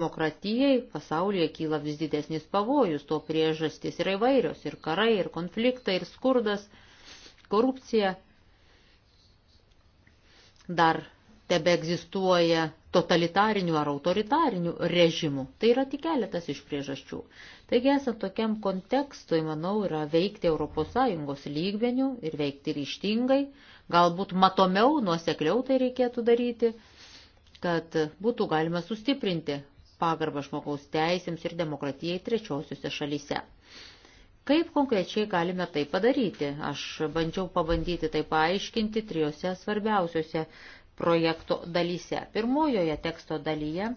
Demokratijai pasaulyje kyla vis didesnis pavojus, to priežastys yra įvairios - ir karai, ir konfliktai, ir skurdas, korupcija. Dar tebe egzistuoja totalitarinių ar autoritarinių režimų. Tai yra tik keletas iš priežasčių. Taigi esant tokiam kontekstui, manau, yra veikti ES lygmenių ir veikti ryštingai, galbūt matomiau, nuosekliau tai reikėtų daryti, kad būtų galima sustiprinti pagarbą žmogaus teisėms ir demokratijai trečiosiuose šalyse. Kaip konkrečiai galime tai padaryti? Aš bandžiau pabandyti tai paaiškinti trijose svarbiausiose projekto dalyse. Pirmojoje teksto dalyje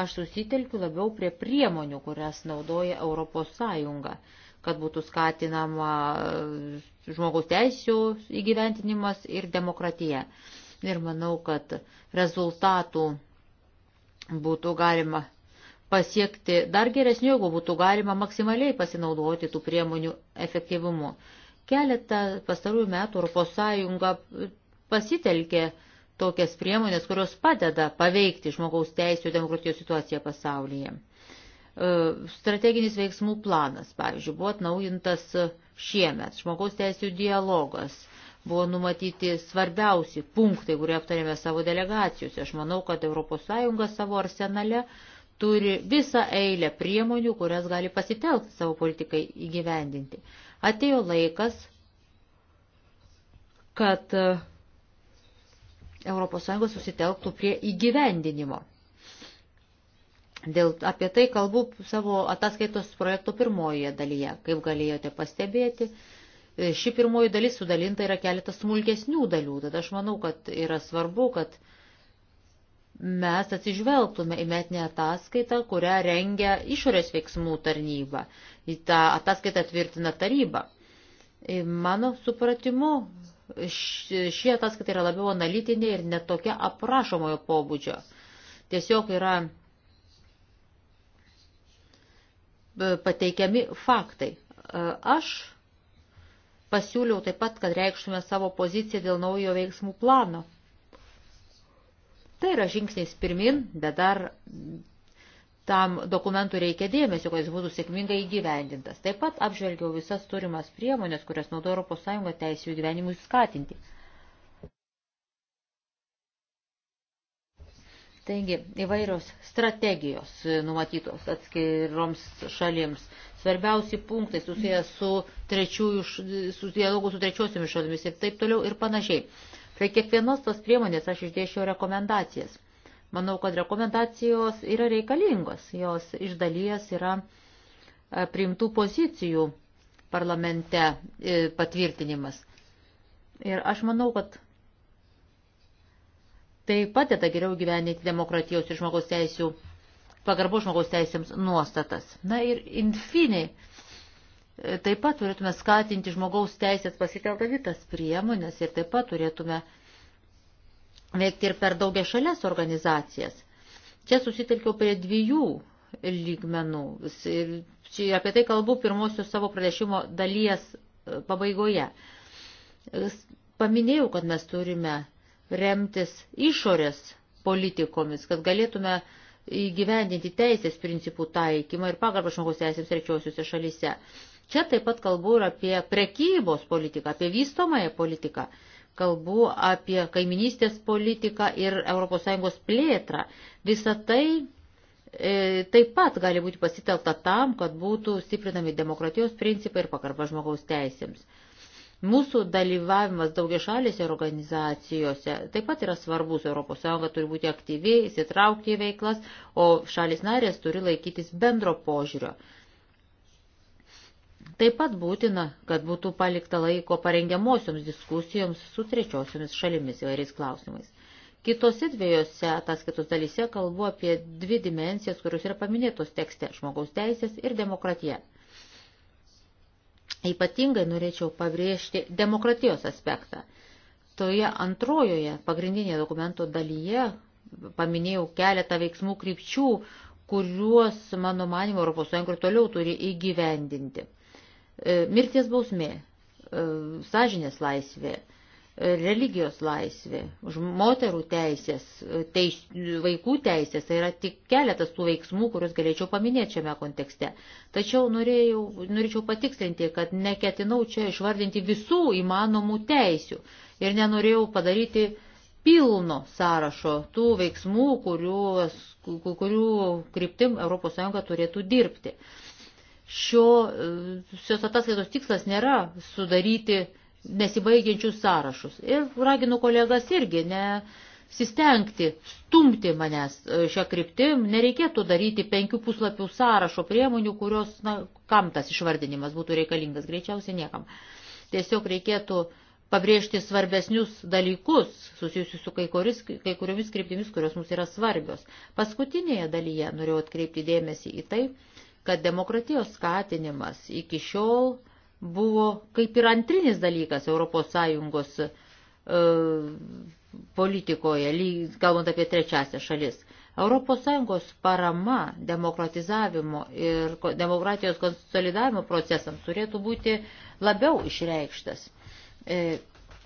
aš susitelkiu labiau prie priemonių, kurias naudoja ES, kad būtų skatinama e, žmogaus teisų įgyventinimas ir demokratija. Ir manau, kad rezultatų būtų galima pasiekti dar geresnių, jeigu būtų galima maksimaliai pasinaudoti tų priemonių efektyvumu. Keletą pastarųjų metų ES pasitelkė tokias priemonės, kurios padeda paveikti žmogaus teisų demokratijos situaciją pasaulyje. E, strateginis veiksmų planas, pavyzdžiui, buvo atnaujintas šiemet, žmogaus teisų dialogas, buvo numatyti svarbiausi punktai, kurie aptarėme savo delegacijose. Aš manau, kad ES savo arsenale uh, turi visą eilę priemonių, kurias gali pasitelkti savo politikai įgyvendinti. Atėjo laikas, kad ES susitelktų prie įgyvendinimo. Dėl, apie tai kalbu savo ataskaitos projekto pirmojoje dalyje. Kaip galėjote pastebėti, ši pirmoji dalis sudalinta yra keletas smulkesnių dalių. Tad aš manau, kad yra svarbu, kad uh, mes atsižvelgtume į metinę ataskaitą, kurią rengia išorės veiksmų tarnyba. Į tą ataskaitą tvirtina taryba. E, mano supratimu, ši ataskaita yra labiau analitinė ir netokia aprašomojo pobūdžio. Tiesiog yra e, pateikiami faktai. E, aš pasiūliau taip pat, kad reikštume savo poziciją dėl naujo veiksmų plano Tai yra žingsnis pirmin, bet dar tam dokumentui reikia dėmesio, kad jis būtų sėkmingai įgyvendintas. Taip pat apžvelgiau visas turimas priemonės, kurias naudoja ES teisų įgyvenimui skatinti. Taigi, įvairios strategijos numatytos atskiroms šalims. Svarbiausi punktai susijęs su, trečiųjų, su dialogu su trečiosiomis šalimis ir taip toliau ir panašiai. Prie kiekvienos tos priemonės aš išdėšiau rekomendacijas. Manau, kad rekomendacijos yra reikalingos, jos iš dalies yra e, priimtų pozicijų parlamente e, patvirtinimas. Ir aš manau, kad tai padeda geriau gyveninti demokratijos ir žmogaus teisų, pagarbos žmogaus teisėms nuostatas. Na ir infiniai Taip pat turėtume skatinti žmogaus teisės pasiteldami tas priemonės ir taip pat turėtume veikti ir per daugia šalias organizacijas. Čia susitelkiau prie dviejų lygmenų. Ir apie tai kalbu pirmosios savo pranešimo dalies e, pabaigoje. Paminėjau, kad mes turime remtis išorės politikomis, kad galėtume įgyvendinti teisės principų taikymą ir pagarbą žmogaus teisėms trečiosiuose šalyse. Čia taip pat kalbu ir apie prekybos politiką, apie vystomąją politiką, kalbu apie kaiminystės politiką ir ES plėtrą. Visa tai e, taip pat gali būti pasitelta tam, kad būtų stiprinami demokratijos principai ir pakarba žmogaus teisėms. Mūsų dalyvavimas daugia šalėse organizacijose taip pat yra svarbus. ES turi būti aktyviai, įsitraukti į veiklas, o šalis narės turi laikytis bendro požiūrio Taip pat būtina, kad būtų palikta laiko parengiamosioms diskusijoms su trečiosiomis šalimis įvairiais klausimais. Kitose dviejose ataskaitos dalyse kalbu apie dvi dimensijas, kurios yra paminėtos tekste - žmogaus teisės ir demokratija. Ypatingai norėčiau pabrėžti demokratijos aspektą. Toje antrojoje pagrindinėje dokumento dalyje paminėjau keletą veiksmų krypčių, kuriuos, mano manimo, ES ir toliau turi įgyvendinti E, mirties bausmė, e, sąžinės laisvė, e, religijos laisvė, moterų teisės, teis, vaikų teisės, tai yra tik keletas tų veiksmų, kuriuos galėčiau paminėti šiame kontekste. Tačiau norėjau, norėčiau patikslinti, kad neketinau čia išvardinti visų įmanomų teisių ir nenorėjau padaryti pilno sąrašo tų veiksmų, kurių, kurių kryptim ES turėtų dirbti. Šio, šios ataskaitos tikslas nėra sudaryti nesibaigiančius sąrašus. Ir raginu kolegas irgi ne sistengti, stumti manęs šią kryptim, nereikėtų daryti penkių puslapių sąrašo priemonių, kurios, na, kam tas išvardinimas būtų reikalingas, greičiausiai niekam. Tiesiog reikėtų pabrėžti svarbesnius dalykus susijusius su kai, kuris, kai kuriomis kryptimis, kurios mums yra svarbios. Paskutinėje dalyje norėjau atkreipti dėmesį į tai, kad demokratijos skatinimas iki šiol buvo kaip ir antrinis dalykas ES e, politikoje, kalbant apie trečiasią šalis. ES parama demokratizavimo ir demokratijos konsolidavimo procesams turėtų būti labiau išreikštas. E,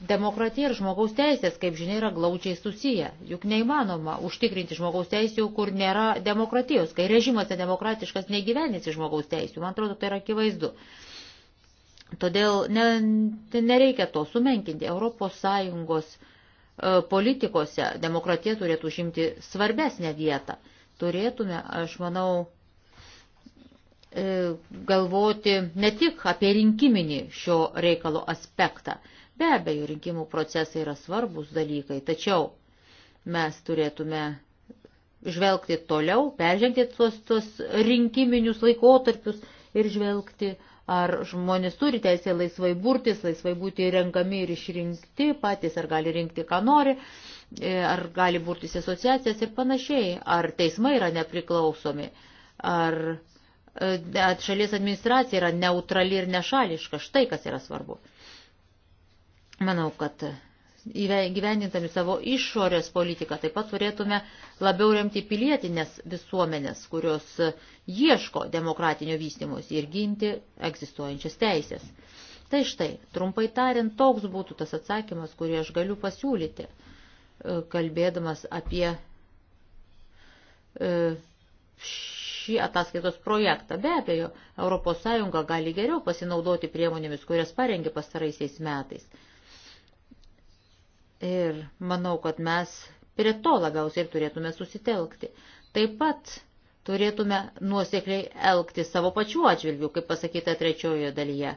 Demokratija ir žmogaus teisės, kaip žinia, yra glaučiai susiję. Juk neįmanoma užtikrinti žmogaus teisų, kur nėra demokratijos. Kai režimas nedemokratiškas, negyvenėsi žmogaus teisų. Man atrodo, tai yra akivaizdu. Todėl ne, nereikia to sumenkinti. Europos Sąjungos e, politikose demokratija turėtų užimti svarbesnę vietą. Turėtume, aš manau, e, galvoti ne tik apie rinkiminį šio reikalo aspektą Be abejo, rinkimų procesai yra svarbus dalykai, tačiau mes turėtume žvelgti toliau, peržengti tuos, tuos rinkiminius laikotarpius ir žvelgti, ar žmonės turi teisę laisvai burtis, laisvai būti renkami ir išrinkti patys, ar gali rinkti, ką nori, e, ar gali burtis asociacijas ir panašiai, ar teismai yra nepriklausomi, ar e, šalies administracija yra neutrali ir nešališka. Štai kas yra svarbu. Manau, kad gyvendintami savo išorės politiką taip pat turėtume labiau remti pilietinės visuomenės, kurios ieško demokratinio vystimus ir ginti egzistuojančias teisės. Tai štai, trumpai tariant, toks būtų tas atsakymas, kurį aš galiu pasiūlyti, e, kalbėdamas apie e, šį ataskaitos projektą. Be abejo, ES gali geriau pasinaudoti priemonėmis, kurias parengė pastaraisiais metais. Ir manau, kad mes prie to labiausiai ir turėtume susitelkti. Taip pat turėtume nuosekliai elgti savo pačių atžvilgių, kaip pasakyta trečiojoje dalyje.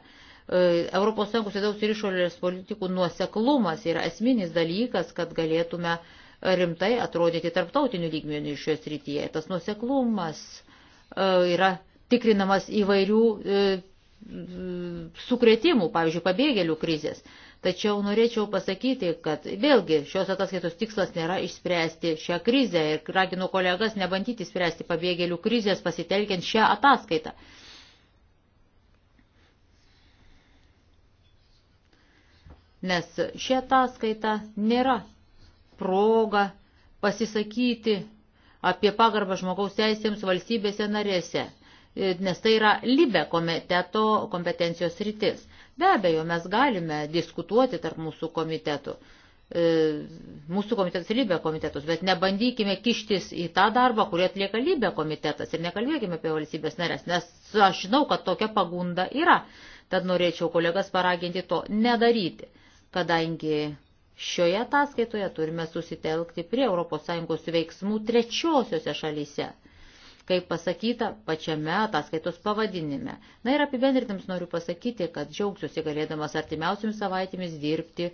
ES vidaus ir išorės politikų nuoseklumas yra esminis dalykas, kad galėtume rimtai atrodyti tarptautinių lygmenių šioje srityje. Tas nuoseklumas e, yra tikrinamas įvairių e, e, sukretimų, pavyzdžiui, pabėgėlių krizės. Tačiau norėčiau pasakyti, kad vėlgi šios ataskaitos tikslas nėra išspręsti šią krizę ir raginu kolegas nebandyti spręsti pabėgėlių krizės pasitelkiant šią ataskaitą. Nes ši ataskaita nėra proga pasisakyti apie pagarbą žmogaus teisėms valstybėse narėse, nes tai yra libe komiteto kompetencijos rytis. Be abejo, mes galime diskutuoti tarp mūsų komitetų, e, mūsų komitetas ir lybė komitetus, bet nebandykime kištis į tą darbą, kurį atlieka lybė komitetas ir nekalbėkime apie valstybės narės, nes aš žinau, kad tokia pagunda yra. Tad norėčiau kolegas paraginti to nedaryti, kadangi Šioje ataskaitoje turime susitelkti prie ES veiksmų trečiosiose šalyse kaip pasakyta pačiame ataskaitos pavadinime. Na ir apibendrintams noriu pasakyti, kad džiaugsiuosi galėdamas artimiausiamis savaitėmis dirbti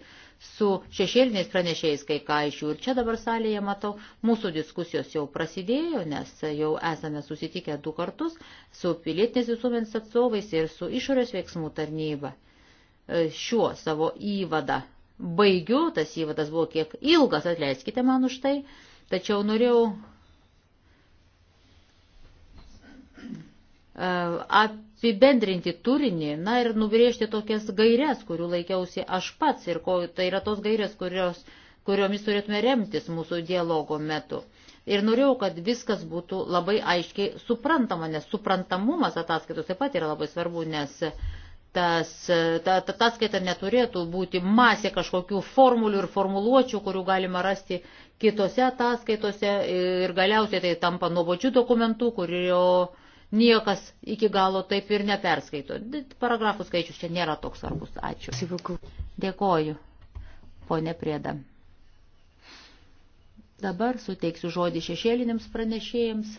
su šešėliniais pranešėjais kai ką iš jų. Ir čia dabar salėje matau, mūsų diskusijos jau prasidėjo, nes jau esame susitikę du kartus su pilietinės visuomenės atstovais ir su išorės veiksmų tarnyba. E, šiuo savo įvadą baigiu, tas įvadas buvo kiek ilgas, atleiskite man už tai, tačiau norėjau E, apibendrinti turinį, na ir nubrėžti tokias gairias, kurių laikiausi aš pats ir ko, tai yra tos gairias, kurios, kuriomis turėtume remtis mūsų dialogo metu. Ir norėjau, kad viskas būtų labai aiškiai suprantama, nes suprantamumas ataskaitos taip pat yra labai svarbu, nes tas, ta, ta ataskaita neturėtų būti masė kažkokių formulių ir formuluočių, kurių galima rasti kitose ataskaitose ir galiausiai tai tampa nuobodžių dokumentų, kurio niekas iki galo taip ir neperskaito. Paragrafų skaičius čia nėra toks svarbus. Ačiū. Dėkoju, ponė Prieda. Dabar suteiksiu žodį šešėliniams pranešėjams.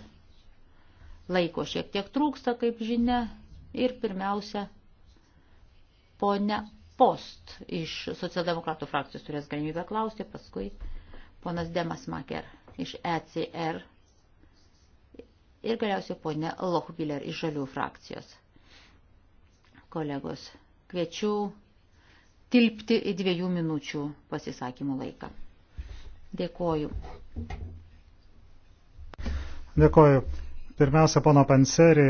Laiko šiek tiek trūksta, kaip žinia. Ir pirmiausia, ponia Post iš socialdemokratų frakcijos turės galimybę klausti, paskui ponas Demas Maker iš ECR ir galiausiai ponė Lochbiller iš žalių frakcijos. Kolegos, kviečiu tilpti į dviejų minučių pasisakymų laiką. Dėkoju. Dėkoju. Pirmiausia, pono Panserį,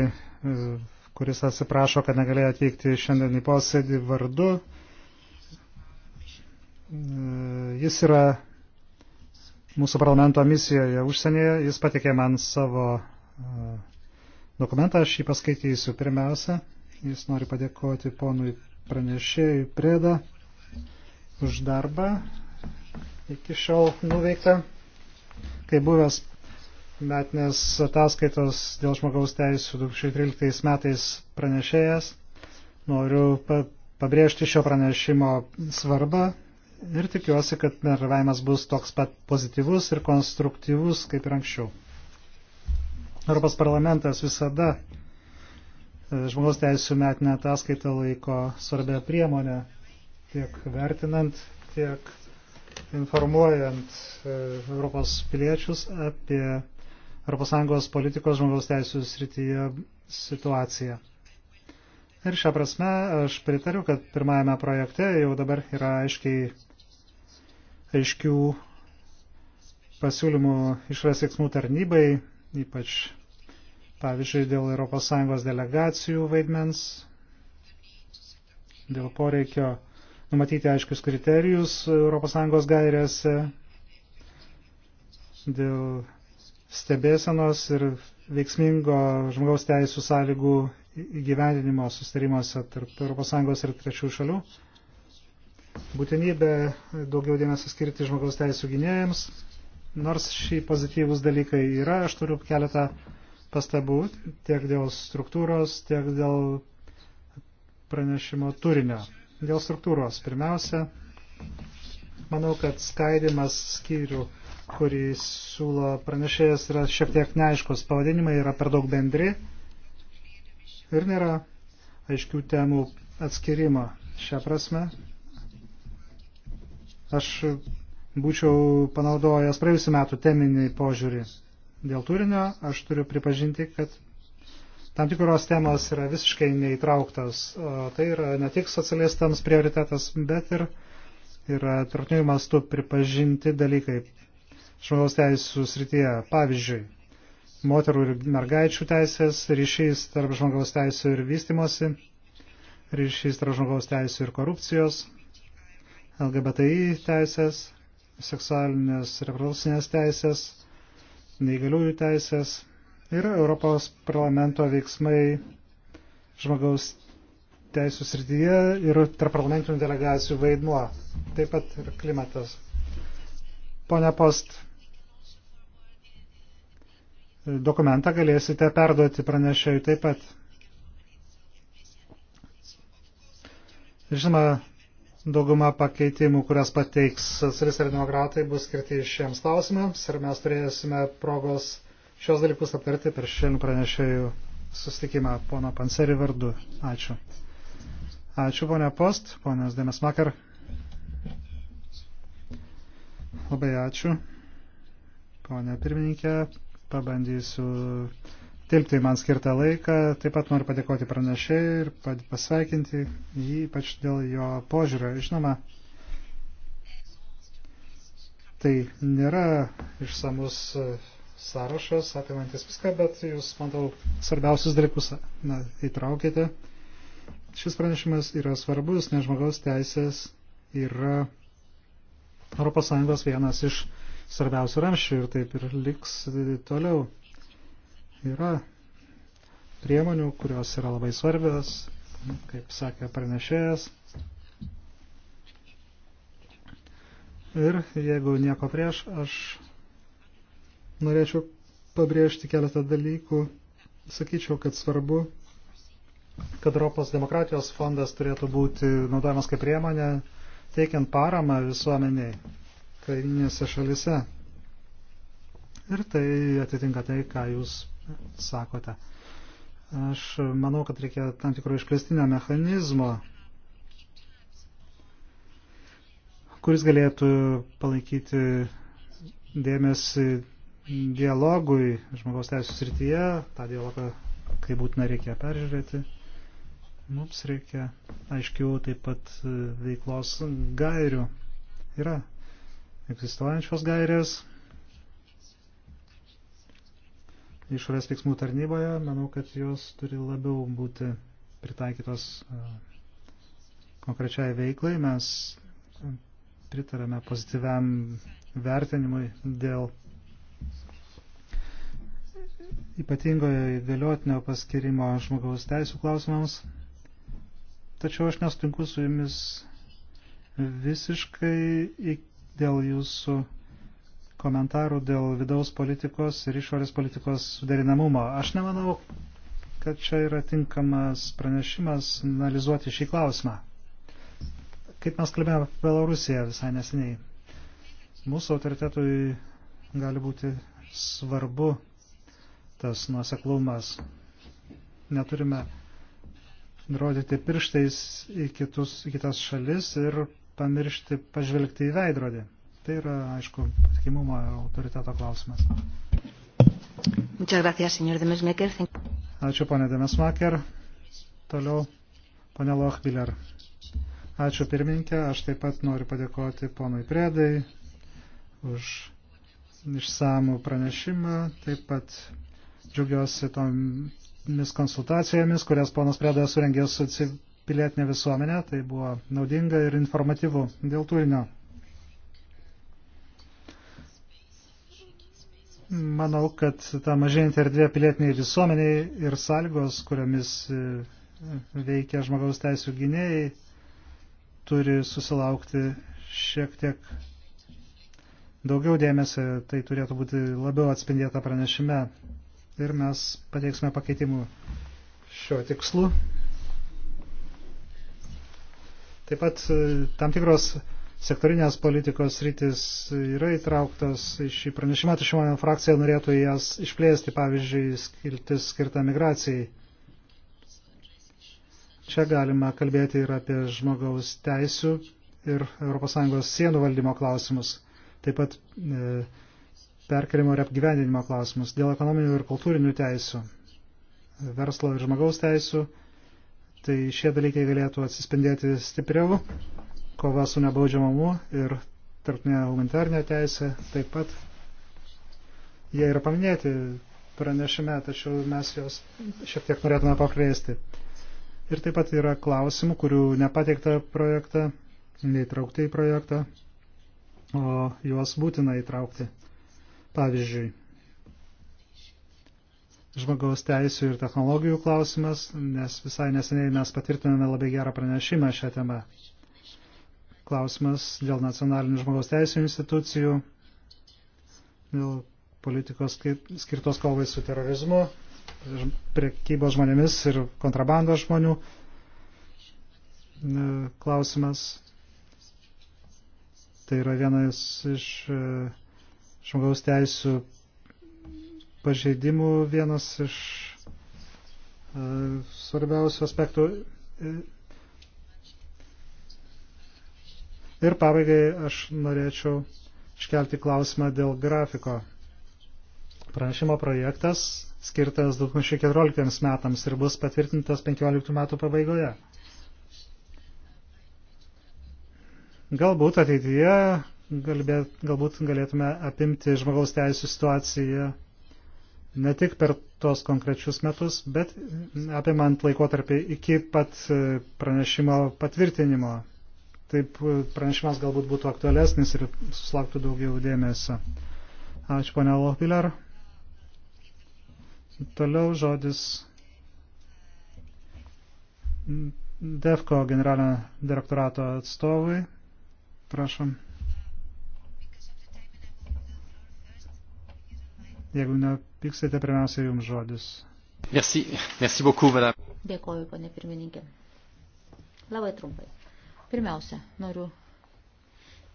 kuris atsiprašo, kad negalėjo atvykti šiandien į posėdį vardu. Jis yra mūsų parlamento misijoje užsienyje. Jis patikė man savo dokumentą, aš jį paskaitysiu pirmiausia. Jis nori padėkoti ponui pranešėjui Preda už darbą iki šiol nuveiktą, kai buvęs metinės ataskaitos dėl žmogaus teisų 2013 metais pranešėjas. Noriu pabrėžti šio pranešimo svarbą ir tikiuosi, kad bendravimas bus toks pat pozityvus ir konstruktyvus kaip ir anksčiau. Europos parlamentas visada e, žmogaus teisų metinę ataskaitą laiko svarbia priemonė tiek vertinant, tiek informuojant e, Europos piliečius apie ES politikos žmogaus teisų srityje situaciją. Ir šią prasme aš pritariu, kad pirmajame projekte jau dabar yra aiškiai aiškių pasiūlymų išras veiksmų tarnybai ypač pavyzdžiui dėl ES delegacijų vaidmens, dėl poreikio numatyti aiškius kriterijus ES gairėse, dėl stebėsenos ir veiksmingo žmogaus teisų sąlygų įgyvendinimo sustarimuose tarp ES ir trečių šalių, būtinybė daugiau dėmesio skirti žmogaus teisų gynėjams, Nors šį pozityvus dalykai yra, aš turiu keletą pastabų tiek dėl struktūros, tiek dėl pranešimo turinio. Dėl struktūros pirmiausia, manau, kad skaidimas skyrių, kurį siūlo pranešėjas, yra šiek tiek neaiškus. Pavadinimai yra per daug bendri ir nėra aiškių temų atskirimo. Šią prasme, aš būčiau panaudojęs praėjusiu metu teminį požiūrį. Dėl turinio aš turiu pripažinti, kad tam tikros temos yra visiškai neįtrauktas. O tai yra ne tik socialistams prioritetas, bet ir yra tarptautiniu mastu pripažinti dalykai žmogaus teisų srityje. Pavyzdžiui, moterų ir mergaičių teisės, ryšys tarp žmogaus teisų ir vystimosi, ryšys tarp žmogaus teisų ir korupcijos, LGBTI teisės, seksualinės reprodukcinės teisės, neįgaliųjų teisės ir Europos parlamento veiksmai žmogaus teisų srityje ir tarparlamentinių delegacijų vaidmuo, taip pat ir klimatas. Pone Post, dokumentą galėsite perduoti pranešėjui taip pat. Žinoma, Dauguma pakeitimų, kurias pateiks socialistai ir demokratai, bus skirti šiems klausimams ir mes turėsime progos šios dalykus aptarti per šiandien pranešėjų susitikimą pono Panseri vardu. Ačiū. Ačiū, ponia Post, ponios Dėmes Makar. Labai ačiū, ponia pirmininkė. Pabandysiu tilpti man skirtą laiką. Taip pat noriu padėkoti pranešėjai ir pasveikinti jį, ypač dėl jo požiūrio. Žinoma, tai nėra išsamus e, sąrašas, apimantis viską, bet jūs, matau, svarbiausius dalykus e, na, įtraukite. Šis pranešimas yra svarbus, nes žmogaus teisės yra ES vienas iš svarbiausių ramščių ir taip ir liks toliau. Yra priemonių, kurios yra labai svarbios, kaip sakė pranešėjas. Ir jeigu nieko prieš, aš norėčiau pabrėžti keletą dalykų. Sakyčiau, kad svarbu, kad Europos demokratijos fondas turėtų būti naudojamas kaip priemonė, teikiant paramą visuomeniai kaiminėse šalise. Ir tai atitinka tai, ką jūs sakote. Aš manau, kad reikia tam tikro išplėstinio mechanizmo, kuris galėtų palaikyti dėmesį dialogui žmogaus teisų srityje, tą dialogą, kai būtina, reikia peržiūrėti. Mums reikia aiškiau taip pat e, veiklos gairių. Yra egzistuojančios gairės, išorės veiksmų tarnyboje, manau, kad jos turi labiau būti pritaikytos e, konkrečiai veiklai. Mes pritarame pozityviam vertinimui dėl ypatingojo įgaliotinio paskirimo žmogaus teisų klausimams. Tačiau aš nesutinku su jumis visiškai dėl jūsų komentarų dėl vidaus politikos ir išorės politikos suderinamumo. Aš nemanau, kad čia yra tinkamas pranešimas analizuoti šį klausimą. Kaip mes kalbėjome apie Belorusiją visai neseniai. Mūsų autoritetui gali būti svarbu tas nuoseklumas. Neturime rodyti pirštais į, kitus, į kitas šalis ir pamiršti pažvelgti į veidrodį. Tai yra, aišku, patikimumo autoriteto klausimas. Ačiū, ponė Demesmaker. Toliau, ponė Lochbiller. Ačiū pirmininkė, aš taip pat noriu padėkoti ponui Predai už išsamų pranešimą, taip pat džiugiuosi tomis konsultacijomis, kurias ponas Preda surengė su pilietinė visuomenė, tai buvo naudinga ir informatyvu dėl turinio. Manau, kad ta mažėjantį erdvė pilietiniai visuomeniai ir sąlygos, kuriomis e, veikia žmogaus teisų gynėjai, turi susilaukti šiek tiek daugiau dėmesio, tai turėtų būti labiau atspindėta pranešime. Ir mes pateiksime pakeitimų šio tikslu. Taip pat e, tam tikros sektorinės politikos rytis yra įtrauktos į šį pranešimą, tačiau mano frakcija norėtų jas išplėsti, pavyzdžiui, skiltis skirtą migracijai. Čia galima kalbėti ir apie žmogaus teisų ir ES sienų valdymo klausimus, taip pat e, perkelimo ir apgyvendinimo klausimus dėl ekonominių ir kultūrinių teisų, verslo ir žmogaus teisų, tai šie dalykai galėtų atsispindėti stipriau kova su nebaudžiamumu ir tarptinė humanitarinė teisė taip pat. Jie yra paminėti pranešime, tačiau mes jos šiek tiek norėtume pakviesti. Ir taip pat yra klausimų, kurių nepateikta projektą, neįtraukti į projektą, o juos būtina įtraukti. Pavyzdžiui, žmogaus teisų ir technologijų klausimas, nes visai neseniai mes patvirtiname labai gerą pranešimą šią temą klausimas dėl nacionalinių žmogaus teisų institucijų, dėl politikos skirtos kovai su terorizmu, priekybos žmonėmis ir kontrabandos žmonių e, klausimas. Tai yra vienas iš e, žmogaus teisų pažeidimų, vienas iš e, svarbiausių aspektų Ir pabaigai aš norėčiau iškelti klausimą dėl grafiko. Pranešimo projektas skirtas 2014 metams ir bus patvirtintas 15 metų pabaigoje. Galbūt ateityje galbėt, galbūt galėtume apimti žmogaus teisų situaciją ne tik per tuos konkrečius metus, bet apimant laikotarpį iki pat pranešimo patvirtinimo Taip e, pranešimas galbūt būtų aktualesnis ir susilauktų daugiau dėmesio. Ačiū, ponia Lopiler. Toliau žodis DEFCO generalinio direktorato atstovui. Prašom. Jeigu nepiksite, pirmiausia jums žodis. Merci, merci beaucoup, madame. Dėkoju, ponė pirmininkė. Labai trumpai. Pirmiausia, noriu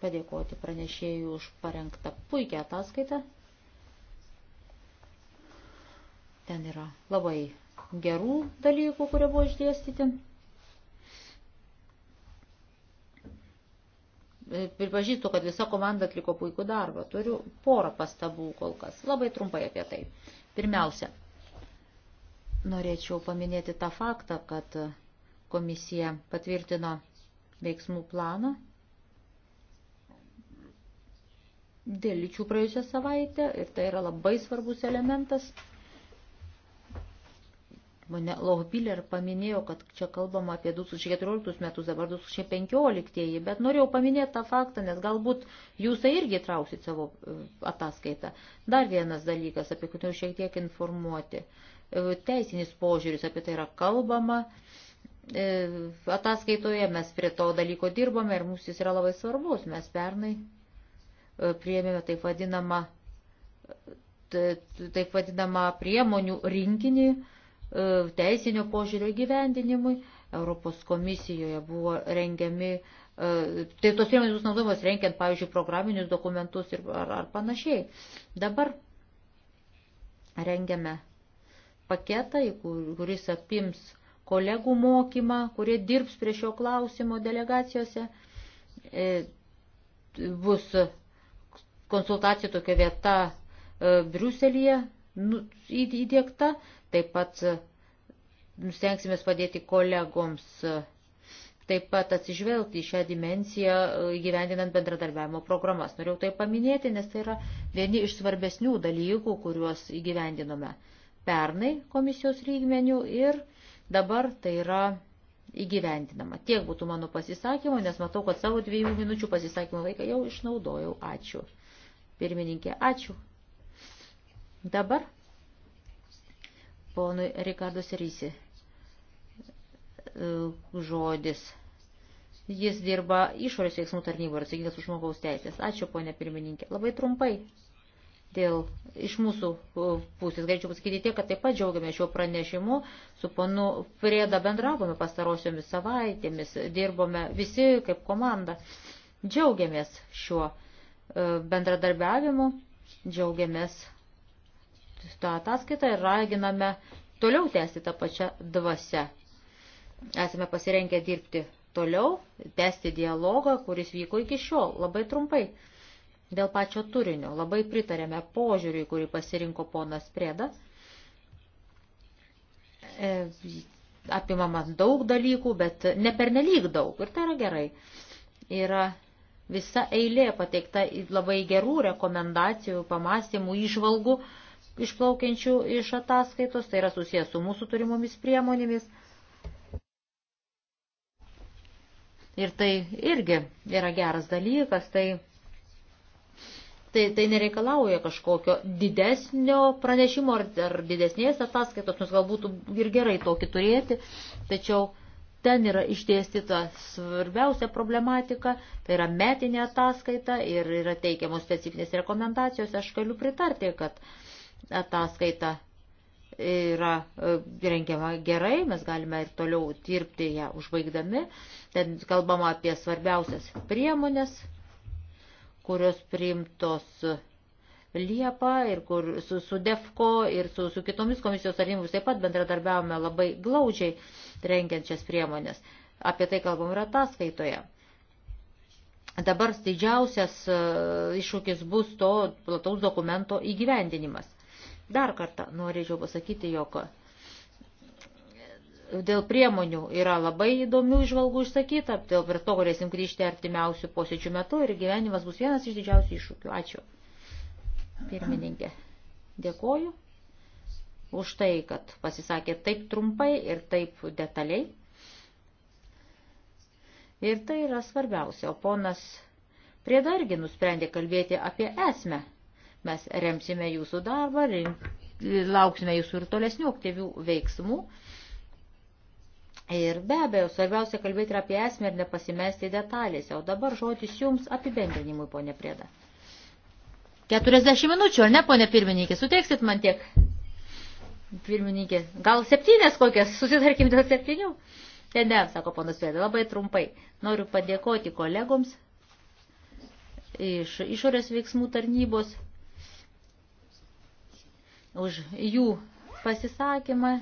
padėkoti pranešėjų už parengtą puikią ataskaitą. Ten yra labai gerų dalykų, kurie buvo išdėstyti. Pripažįstu, kad visa komanda atliko puikų darbą. Turiu porą pastabų kol kas. Labai trumpai apie tai. Pirmiausia, norėčiau paminėti tą faktą, kad komisija patvirtino veiksmų planą dėl lyčių praėjusią savaitę ir tai yra labai svarbus elementas. Mane Lohbiller paminėjo, kad čia kalbama apie 2014 metus, dabar 2015, bet norėjau paminėti tą faktą, nes galbūt jūs tai irgi trauksit savo e, ataskaitą. Dar vienas dalykas, apie kurį šiek tiek informuoti. E, teisinis požiūris apie tai yra kalbama. Uh, E, ataskaitoje, mes prie to dalyko dirbame ir mums jis yra labai svarbus. Mes pernai e, priėmėme taip vadinamą, taip vadinamą priemonių rinkinį e, teisinio požiūrio gyvendinimui. Europos komisijoje buvo rengiami, tai tos priemonės bus naudojamos renkiant, pavyzdžiui, programinius dokumentus ir, ar, ar panašiai. Dabar rengiame paketą, kuris apims kolegų mokymą, kurie dirbs prie šio klausimo delegacijose. E, bus konsultacijų tokia vieta e, Briuselėje nu, įdėkta, taip pat e, stengsimės padėti kolegoms taip pat atsižvelgti į šią dimenciją gyvendinant bendradarbiavimo programas. Norėjau tai paminėti, nes tai yra vieni iš svarbesnių dalykų, kuriuos įgyvendinome pernai komisijos lygmenių ir Dabar tai yra įgyvendinama. Tiek būtų mano pasisakymų, nes matau, kad savo dviejų minučių pasisakymų laiką jau išnaudojau. Ačiū. Pirmininkė, ačiū. Dabar ponui Rikardos Rysi e, žodis. Jis dirba išorės veiksmų tarnyboje ir atsakingas už žmogaus teisės. Ačiū, ponė pirmininkė. Labai trumpai dėl iš mūsų e, pusės. Galėčiau pasakyti tiek, kad taip pat džiaugiame šiuo pranešimu. Su ponu Prieda bendravome pastarosiomis savaitėmis, dirbome visi kaip komanda. Džiaugiamės šiuo e, bendradarbiavimu, džiaugiamės tą ataskaitą ir raginame toliau tęsti tą pačią dvasę. Esame pasirengę dirbti toliau, tęsti dialogą, kuris vyko iki šiol, labai trumpai. Dėl pačio turinio labai pritarėme požiūriui, kurį pasirinko ponas Prėda. E, apimama daug dalykų, bet ne pernelyg daug. Ir tai yra gerai. Yra visa eilė pateikta labai gerų rekomendacijų, pamastymų, išvalgų išplaukiančių iš ataskaitos. Tai yra susijęs su mūsų turimomis priemonėmis. Ir tai irgi yra geras dalykas. Tai tai, tai nereikalauja kažkokio didesnio pranešimo ar, ar didesnės ataskaitos, nors galbūt ir gerai tokį turėti, tačiau ten yra išdėstyta svarbiausia problematika, tai yra metinė ataskaita ir yra teikiamos specifinės rekomendacijos. Aš galiu pritarti, kad ataskaita yra e, rengiama gerai, mes galime ir toliau dirbti ją užbaigdami. Ten kalbama apie svarbiausias priemonės, kurios priimtos Liepą ir kur su, su DEFCO ir su, su kitomis komisijos tarnybomis taip pat bendradarbiavome labai glaudžiai rengiančias priemonės. Apie tai kalbam ir ataskaitoje. Dabar didžiausias e, iššūkis bus to plataus dokumento įgyvendinimas. Dar kartą norėčiau pasakyti, jog dėl priemonių yra labai įdomių išvalgų išsakyta, dėl prie to galėsim grįžti artimiausių posėdžių metu ir gyvenimas bus vienas iš didžiausių iššūkių. Ačiū. Pirmininkė, dėkoju už tai, kad pasisakė taip trumpai ir taip detaliai. Ir tai yra svarbiausia, o ponas Prieda irgi nusprendė kalbėti apie esmę. Mes remsime jūsų darbą, lauksime jūsų ir tolesnių aktyvių veiksmų. Ir be abejo, svarbiausia kalbėti ir apie esmę ir nepasimesti detalėse. O dabar žodis jums apibendrinimui, ponė Prieda. 40 minučių, ar ne, ponė pirmininkė? Suteiksit man tiek? Pirmininkė, gal septynės kokias? Susitarkim dėl septynių? Ne, ne, sako ponas Prieda, labai trumpai. Noriu padėkoti kolegoms iš išorės veiksmų tarnybos už jų pasisakymą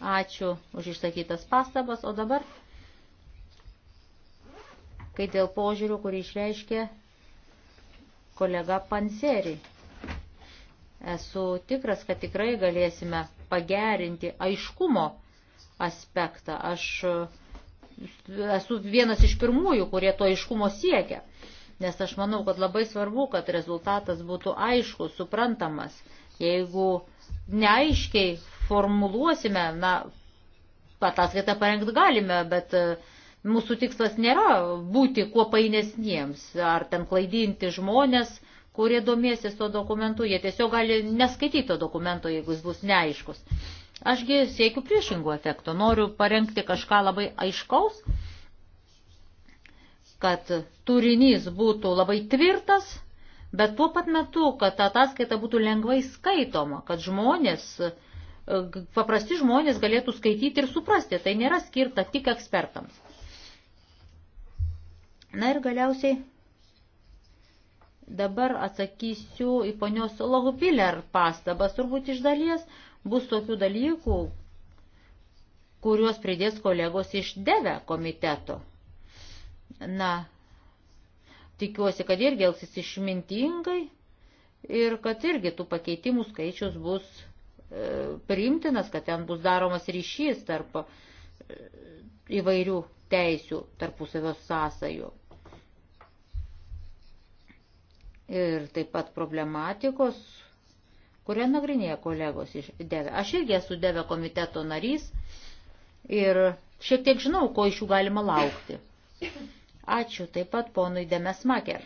Ačiū už išsakytas pastabas, o dabar, kai dėl požiūrių, kurį išreiškė kolega Panseri, esu tikras, kad tikrai galėsime pagerinti aiškumo aspektą. Aš esu vienas iš pirmųjų, kurie to aiškumo siekia, nes aš manau, kad labai svarbu, kad rezultatas būtų aiškus, suprantamas. Jeigu neaiškiai formuluosime, na, ataskaitą parengti galime, bet e, mūsų tikslas nėra būti kuo painesniems ar ten klaidinti žmonės, kurie domėsis to dokumentu, jie tiesiog gali neskaityti to dokumento, jeigu jis bus neaiškus. Ašgi siekiu priešingų efekto, noriu parengti kažką labai aiškaus, kad turinys būtų labai tvirtas, bet tuo pat metu, kad ta ataskaita būtų lengvai skaitoma, kad žmonės uh, paprasti žmonės galėtų skaityti ir suprasti. Tai nėra skirta tik ekspertams. Na ir galiausiai dabar atsakysiu į ponios Lohbiller pastabas turbūt iš dalies. Bus tokių dalykų, kuriuos pridės kolegos iš DEVE komiteto. Na, tikiuosi, kad irgi elgsis išmintingai ir kad irgi tų pakeitimų skaičius bus E, priimtinas, kad ten bus daromas ryšys tarp e, įvairių teisių tarpusavio sąsajų. Ir taip pat problematikos, kurią nagrinėja kolegos iš Deve. Aš irgi esu Deve komiteto narys ir šiek tiek žinau, ko iš jų galima laukti. Ačiū taip pat ponui Demesmaker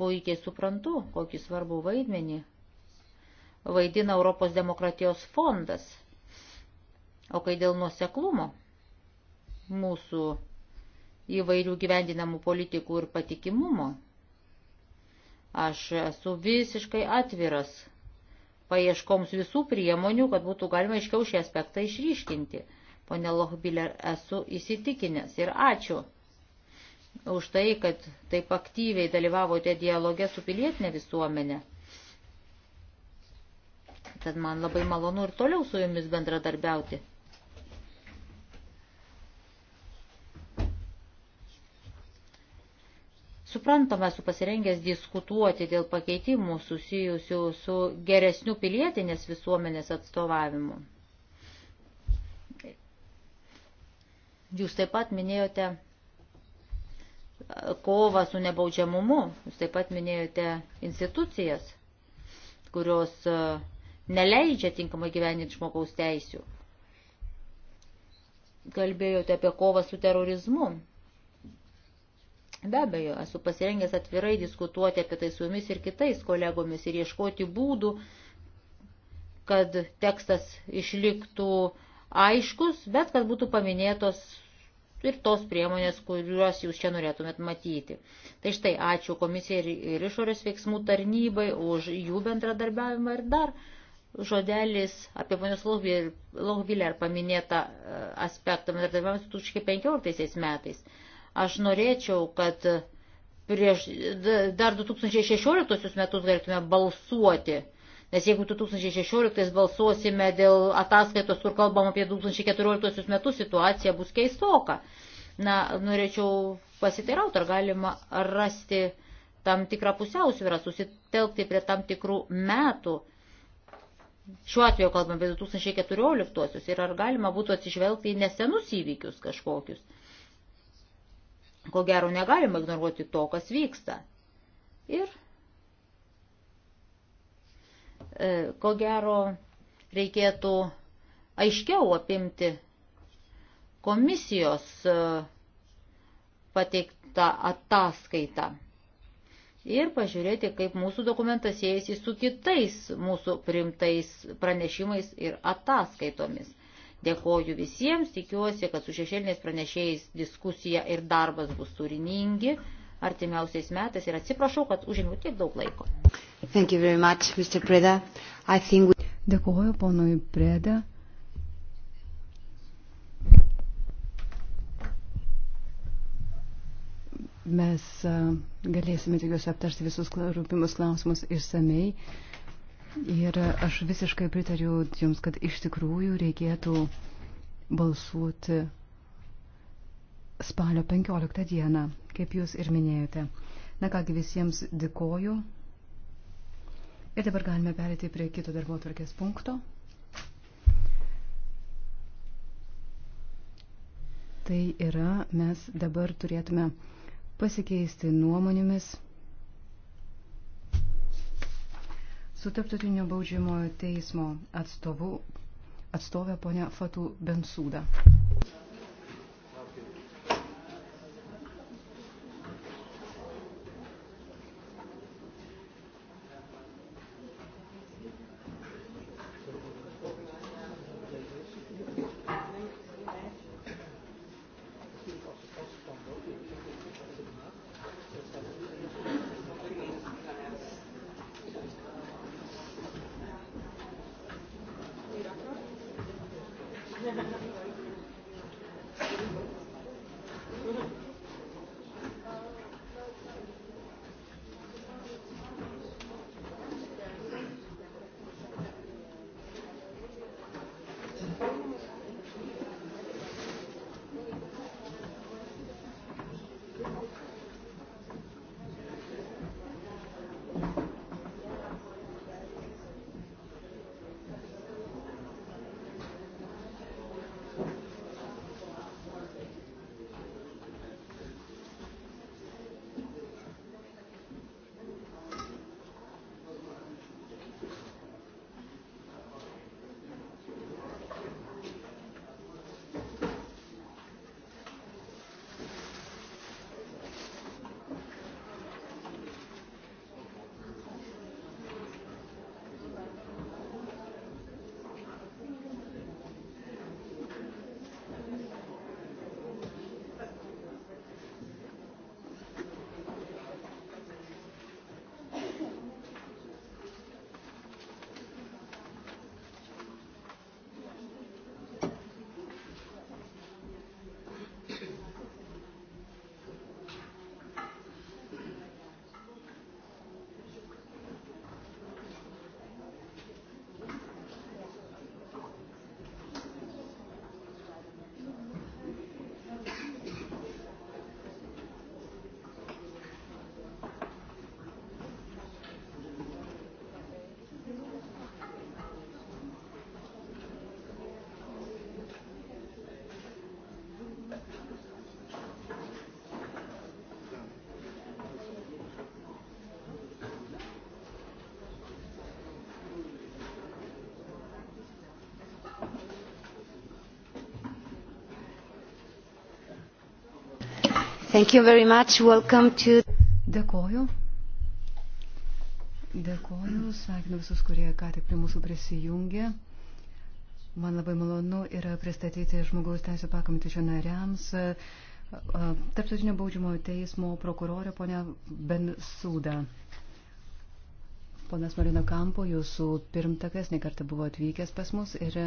puikiai suprantu, kokį svarbų vaidmenį vaidina Europos demokratijos fondas. O kai dėl nuoseklumo mūsų įvairių gyvendinamų politikų ir patikimumo, aš esu visiškai atviras paieškoms visų priemonių, kad būtų galima aiškiau šį aspektą išryškinti. Pone Lohbiller, esu įsitikinęs ir ačiū už tai, kad taip aktyviai dalyvavote dialoge su pilietinė visuomenė. Tad man labai malonu ir toliau su jumis bendradarbiauti. Suprantama, esu pasirengęs diskutuoti dėl pakeitimų susijusių su geresniu pilietinės visuomenės atstovavimu. Jūs taip pat minėjote kovą su nebaudžiamumu. Jūs taip pat minėjote institucijas, kurios e, neleidžia tinkamai gyveninti žmogaus teisių. Kalbėjote apie kovą su terorizmu. Be abejo, esu pasirengęs atvirai diskutuoti apie tai su jumis ir kitais kolegomis ir ieškoti būdų, kad tekstas išliktų aiškus, bet kad būtų paminėtos ir tos priemonės, kuriuos jūs čia norėtumėt matyti. Tai štai ačiū komisijai ir, ir išorės veiksmų tarnybai už jų bendradarbiavimą ir dar žodelis apie ponios Lohviler paminėtą e, aspektą bendradarbiavimas 2015 metais. Aš norėčiau, kad prieš dar 2016 metus galėtume balsuoti Nes jeigu 2016 balsuosime dėl ataskaitos, kur kalbam apie 2014 metus, situacija bus keistoka. Na, norėčiau pasiteirauti, ar galima rasti tam tikrą pusiausvyrą, susitelkti prie tam tikrų metų. Šiuo atveju kalbam apie 2014 ir ar galima būtų atsižvelgti į nesenus įvykius kažkokius. Ko gero negalima ignoruoti to, kas vyksta. Ir E, ko gero reikėtų aiškiau apimti komisijos e, pateiktą ataskaitą ir pažiūrėti, kaip mūsų dokumentas siejasi su kitais mūsų primtais pranešimais ir ataskaitomis. Dėkoju visiems, tikiuosi, kad su šešėliniais pranešėjais diskusija ir darbas bus turiningi artimiausiais metais ir atsiprašau, kad užėmiau tiek daug laiko. Much, we... Dėkuoju ponui Preda. Mes galėsime tikiuosi aptarti visus rūpimus klausimus išsamei. Ir aš visiškai pritariu Jums, kad iš tikrųjų reikėtų balsuoti spalio 15 dieną, kaip jūs ir minėjote. Na kągi visiems dėkoju. Ir dabar galime perėti prie kito darbo tvarkės punkto. Tai yra, mes dabar turėtume pasikeisti nuomonėmis su tarptautinio baudžiamojo teismo atstovu, atstovė ponia Fatų Bensūda. Thank you very much. Welcome to. Dėkoju. Dėkoju. Sveikinu visus, kurie ką tik prie mūsų prisijungė. Man labai malonu yra pristatyti žmogaus teisų pakomitečio nariams Tarptautinio baudžiamo teismo prokurorė ponia Bensūda. Ponas Marino Kampo, jūsų pirmtakas nekartą buvo atvykęs pas mus ir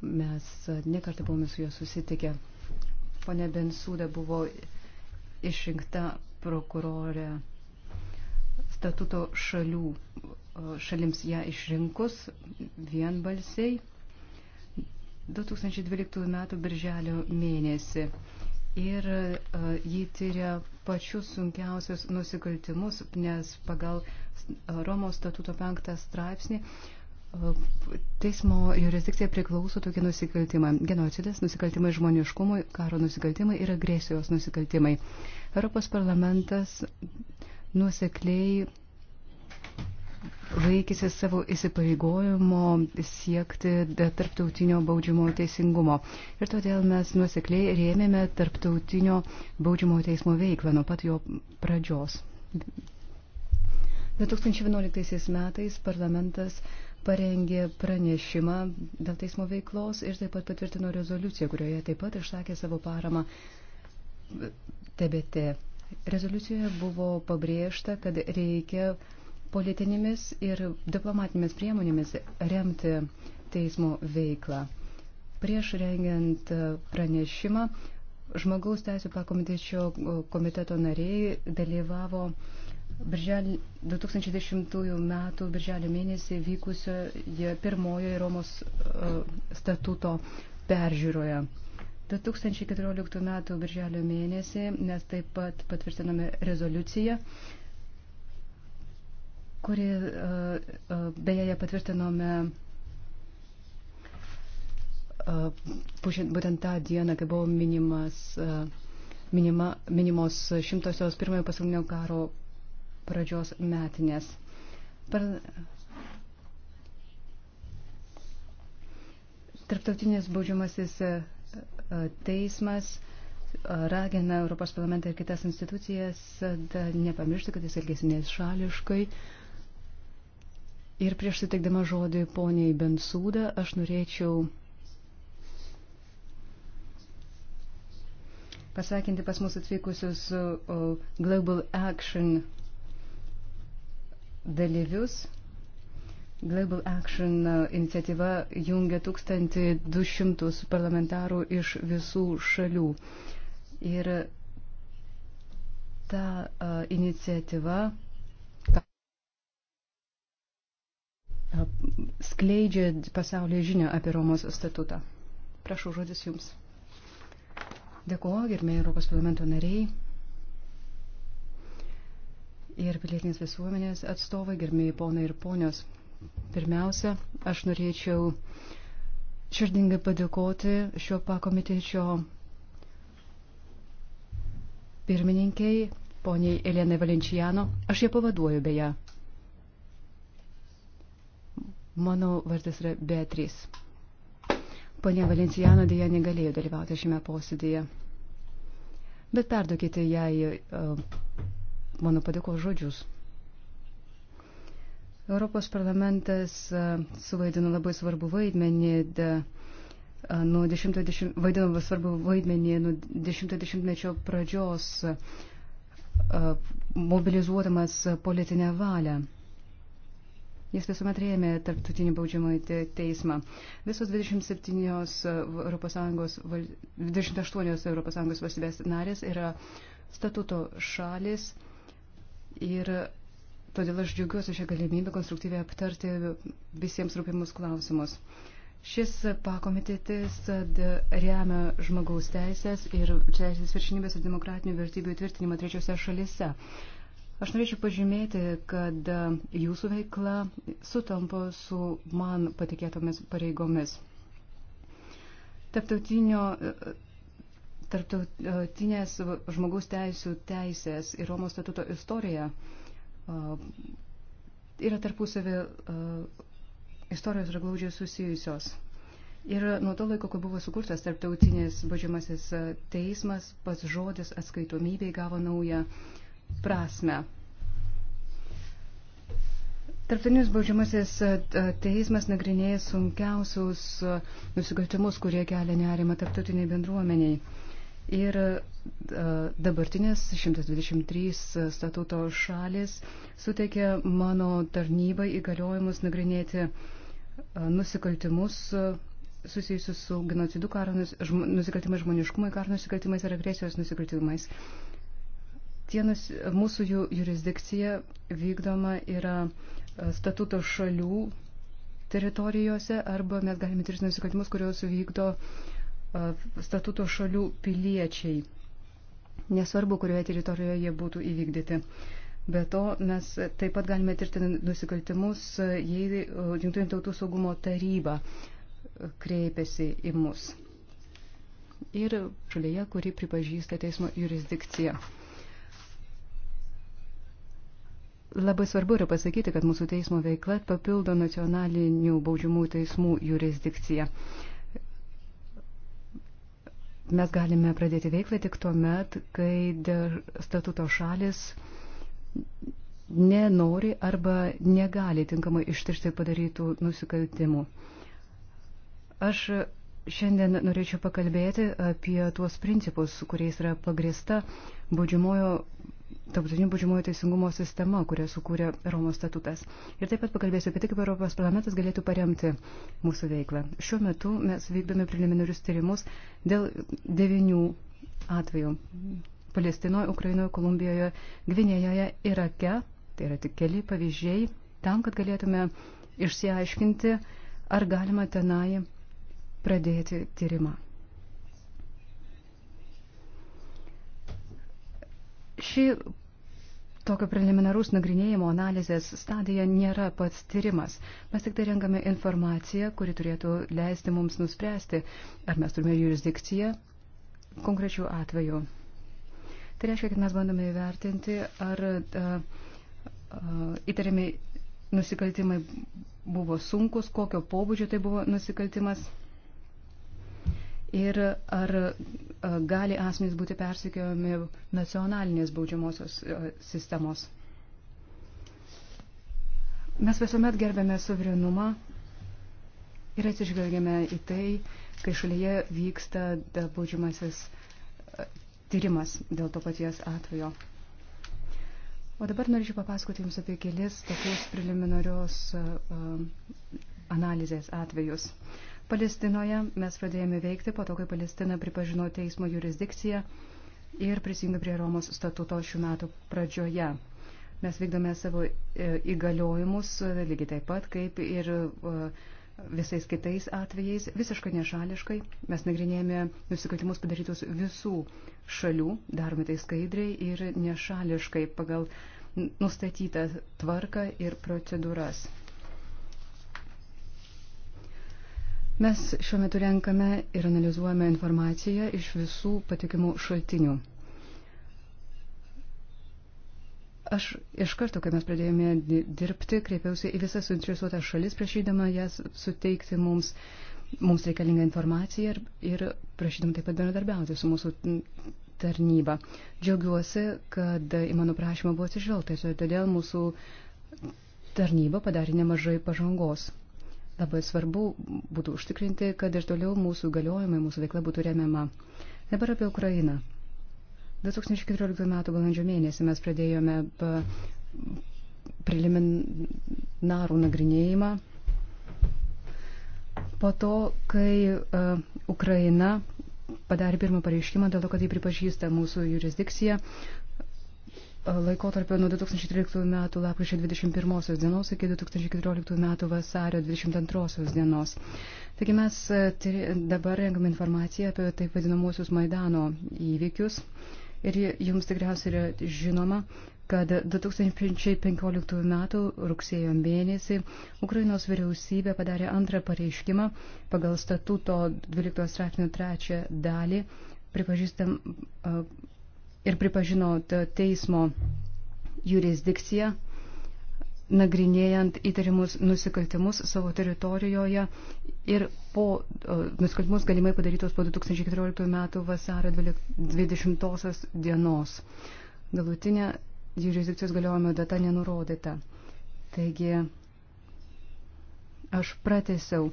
mes nekartą buvome su juo susitikę. Pone Bensūda buvo išrinkta prokurorė statuto šalių, šalims ją išrinkus vienbalsiai 2012 m. birželio mėnesį. Ir uh, jį tyria pačius sunkiausius nusikaltimus, nes pagal Romos statuto penktą straipsnį uh, Teismo jurisdikcija priklauso tokie nusikaltimai. Genocidas, nusikaltimai žmoniškumui, karo nusikaltimai ir agresijos nusikaltimai. Europos parlamentas nuosekliai laikysi savo įsipareigojimo siekti tarptautinio baudžiamo teisingumo. Ir todėl mes nuosekliai rėmėme tarptautinio baudžiamo teismo veiklą nuo pat jo pradžios. 2011 metais parlamentas parengė pranešimą dėl teismo veiklos ir taip pat patvirtino rezoliuciją, kurioje taip pat išsakė savo paramą TBT. Rezoliucijoje buvo pabrėžta, kad reikia politinėmis ir diplomatinėmis priemonėmis remti teismo veiklą. Prieš rengiant pranešimą, žmogaus teisų pakomitečio komiteto nariai dalyvavo uh, Birželį 2010 m. birželio mėnesį vykusioje pirmojoje Romos uh, statuto peržiūroje. 2014 m. birželio mėnesį mes taip pat patvirtiname rezoliuciją, kuri e, e, beje ją patvirtinome būtent tą dieną, kai buvo minimas, minima, minimos šimtosios pirmojo pasaulinio karo pradžios metinės. Per... Tarptautinis baudžiamasis e, teismas e, ragina Europos parlamentą ir kitas institucijas e, nepamiršti, kad jis elgesi nešališkai. Ir prieš sutikdama žodį poniai Bensūdą, aš norėčiau pasveikinti pas mus atvykusius Global Action dalyvius. Global Action iniciatyva jungia 1200 parlamentarų iš visų šalių. Ir ta uh, iniciatyva skleidžia pasaulyje žinią apie Romos statutą. Prašau žodis Jums. Dėkuoju, gerbėjai Europos parlamento nariai ir pilietinės visuomenės atstovai, gerbėjai ponai ir ponios. Pirmiausia, aš norėčiau širdingai padėkoti šio pakomitečio pirmininkiai, poniai Elenai Valenčiano. Aš ją pavaduoju beje. Mano vardas yra Beatrys. Pone Valencijano dėja negalėjo dalyvauti šiame posėdėje. Bet perduokite jai uh, mano padėkos žodžius. Europos parlamentas suvaidino labai svarbu vaidmenį, de, nuo 10, vaidino svarbu vaidmenį nuo 10-mečio pradžios, mobilizuodamas politinę valią. Jis visuomet rėmė tarptautinį baudžiamąjį teismą. Visos 27 ES, 28 ES valstybės narės yra statuto šalis Ir todėl aš džiaugiuosi šią galimybę konstruktyviai aptarti visiems rūpimus klausimus. Šis pakomitetis remia žmogaus teisės ir teisės viršinybės ir demokratinių vertybių įtvirtinimą trečiose šalise. Aš norėčiau pažymėti, kad jūsų veikla sutampa su man patikėtomis pareigomis. Tarptautinio tarptautinės žmogaus teisų teisės ir Romos statuto istorija yra tarpusavį istorijos yra glaudžiai susijusios. Ir nuo to laiko, kai buvo sukurtas tarptautinis baudžiamasis teismas, pas žodis atskaitomybei gavo naują prasme. Tarptautinis baudžiamasis teismas nagrinėja sunkiausius nusikaltimus, kurie kelia nerimą tarptautiniai bendruomeniai. Ir dabartinės 123 statuto šalis suteikė mano tarnybai įgaliojimus nagrinėti nusikaltimus susijusius su genocidu, karo nusikaltimais žmoniškumai, karo nusikaltimais ir agresijos nusikaltimais. Tienas mūsų jų jurisdikcija vykdoma yra statuto šalių teritorijose arba mes galime tirti nusikaltimus, kuriuos vykdo uh, E, statuto šalių piliečiai, nesvarbu, kurioje teritorijoje jie būtų įvykdyti. Be to, mes taip pat galime tirti nusikaltimus, jei e, Junktinių tautų saugumo taryba kreipiasi į mus. Ir šalyje, kuri pripažįsta teismo jurisdikciją. Labai svarbu yra pasakyti, kad mūsų teismo veikla papildo nacionalinių baudžiamų teismų jurisdikciją. Uh, mes galime pradėti veiklą tik tuo met, kai statuto šalis nenori arba negali tinkamai ištirti padarytų nusikaltimų. Aš Šiandien norėčiau pakalbėti apie tuos principus, kuriais yra pagrista baudžiamojo, tarptautinio baudžiamojo teisingumo sistema, kurią sukūrė Romos statutas. Ir taip pat pakalbėsiu apie tai, kaip Europos parlamentas galėtų paremti mūsų veiklą. Šiuo metu mes vykdome preliminarius tyrimus dėl devinių atvejų. Palestinoje, Ukrainoje, Kolumbijoje, Gvinėjoje, Irake. Tai yra tik keli pavyzdžiai tam, kad galėtume išsiaiškinti, ar galima tenai pradėti tyrimą. Ši tokio preliminarus nagrinėjimo analizės stadija nėra pats tyrimas. Mes tik tai renkame informaciją, kuri turėtų leisti mums nuspręsti, ar mes turime jurisdikciją konkrečių atvejų. Tai reiškia, kad mes bandome įvertinti, ar a, a, įtariami nusikaltimai buvo sunkus, kokio pobūdžio tai buvo nusikaltimas ir ar gali asmenys būti persikiojami nacionalinės baudžiamosios sistemos. Mes visuomet gerbėme suverenumą ir atsižvelgėme į tai, kai šalyje vyksta baudžiamasis tyrimas dėl to paties atvejo. O dabar norėčiau papasakoti Jums apie kelis tokius preliminarios uh, analizės atvejus. Palestinoje mes pradėjome veikti po to, kai Palestina pripažino teismo jurisdikciją ir prisijungė prie Romos statuto šių metų pradžioje. Mes vykdome savo e, įgaliojimus e, lygiai taip pat, kaip ir e, visais kitais atvejais, visiškai nešališkai. Mes nagrinėjame nusikaltimus padarytus visų šalių, darome tai skaidriai ir nešališkai pagal nustatytą tvarką ir procedūras. Mes šiuo metu renkame ir analizuojame informaciją iš visų patikimų šaltinių. Aš iš karto, kai mes pradėjome dirbti, kreipiausi į visas suinteresuotas šalis, prašydama jas suteikti mums, mums reikalingą informaciją ir, ir prašydama taip pat bendradarbiauti su mūsų tarnyba. Džiaugiuosi, kad į mano prašymą buvo atsižvelgta, todėl mūsų tarnyba padarė nemažai pažangos. Labai svarbu būtų užtikrinti, kad ir toliau mūsų galiojimai, mūsų veikla būtų remiama. Dabar apie Ukrainą. 2014 m. balandžio mėnesį mes pradėjome preliminarų nagrinėjimą po to, kai uh, Ukraina padarė pirmą pareiškimą dėl to, kad jį pripažįsta mūsų jurisdikciją, laikotarpio nuo 2013 metų lapkričio 21 dienos iki 2014 metų vasario 22 dienos. Taigi mes e, dabar renkam informaciją apie taip vadinamosius Maidano įvykius ir jums tikriausiai yra žinoma, kad 2015 m. rugsėjo mėnesį Ukrainos vyriausybė padarė antrą pareiškimą pagal statuto 12 straipsnių trečią dalį pripažįstam e, ir pripažino teismo jurisdikciją, nagrinėjant įtarimus nusikaltimus savo teritorijoje ir po nusikaltimus galimai padarytos po 2014 metų vasaro 20 dienos. Galutinė jurisdikcijos galiojimo data nenurodyta. Taigi aš pratesiau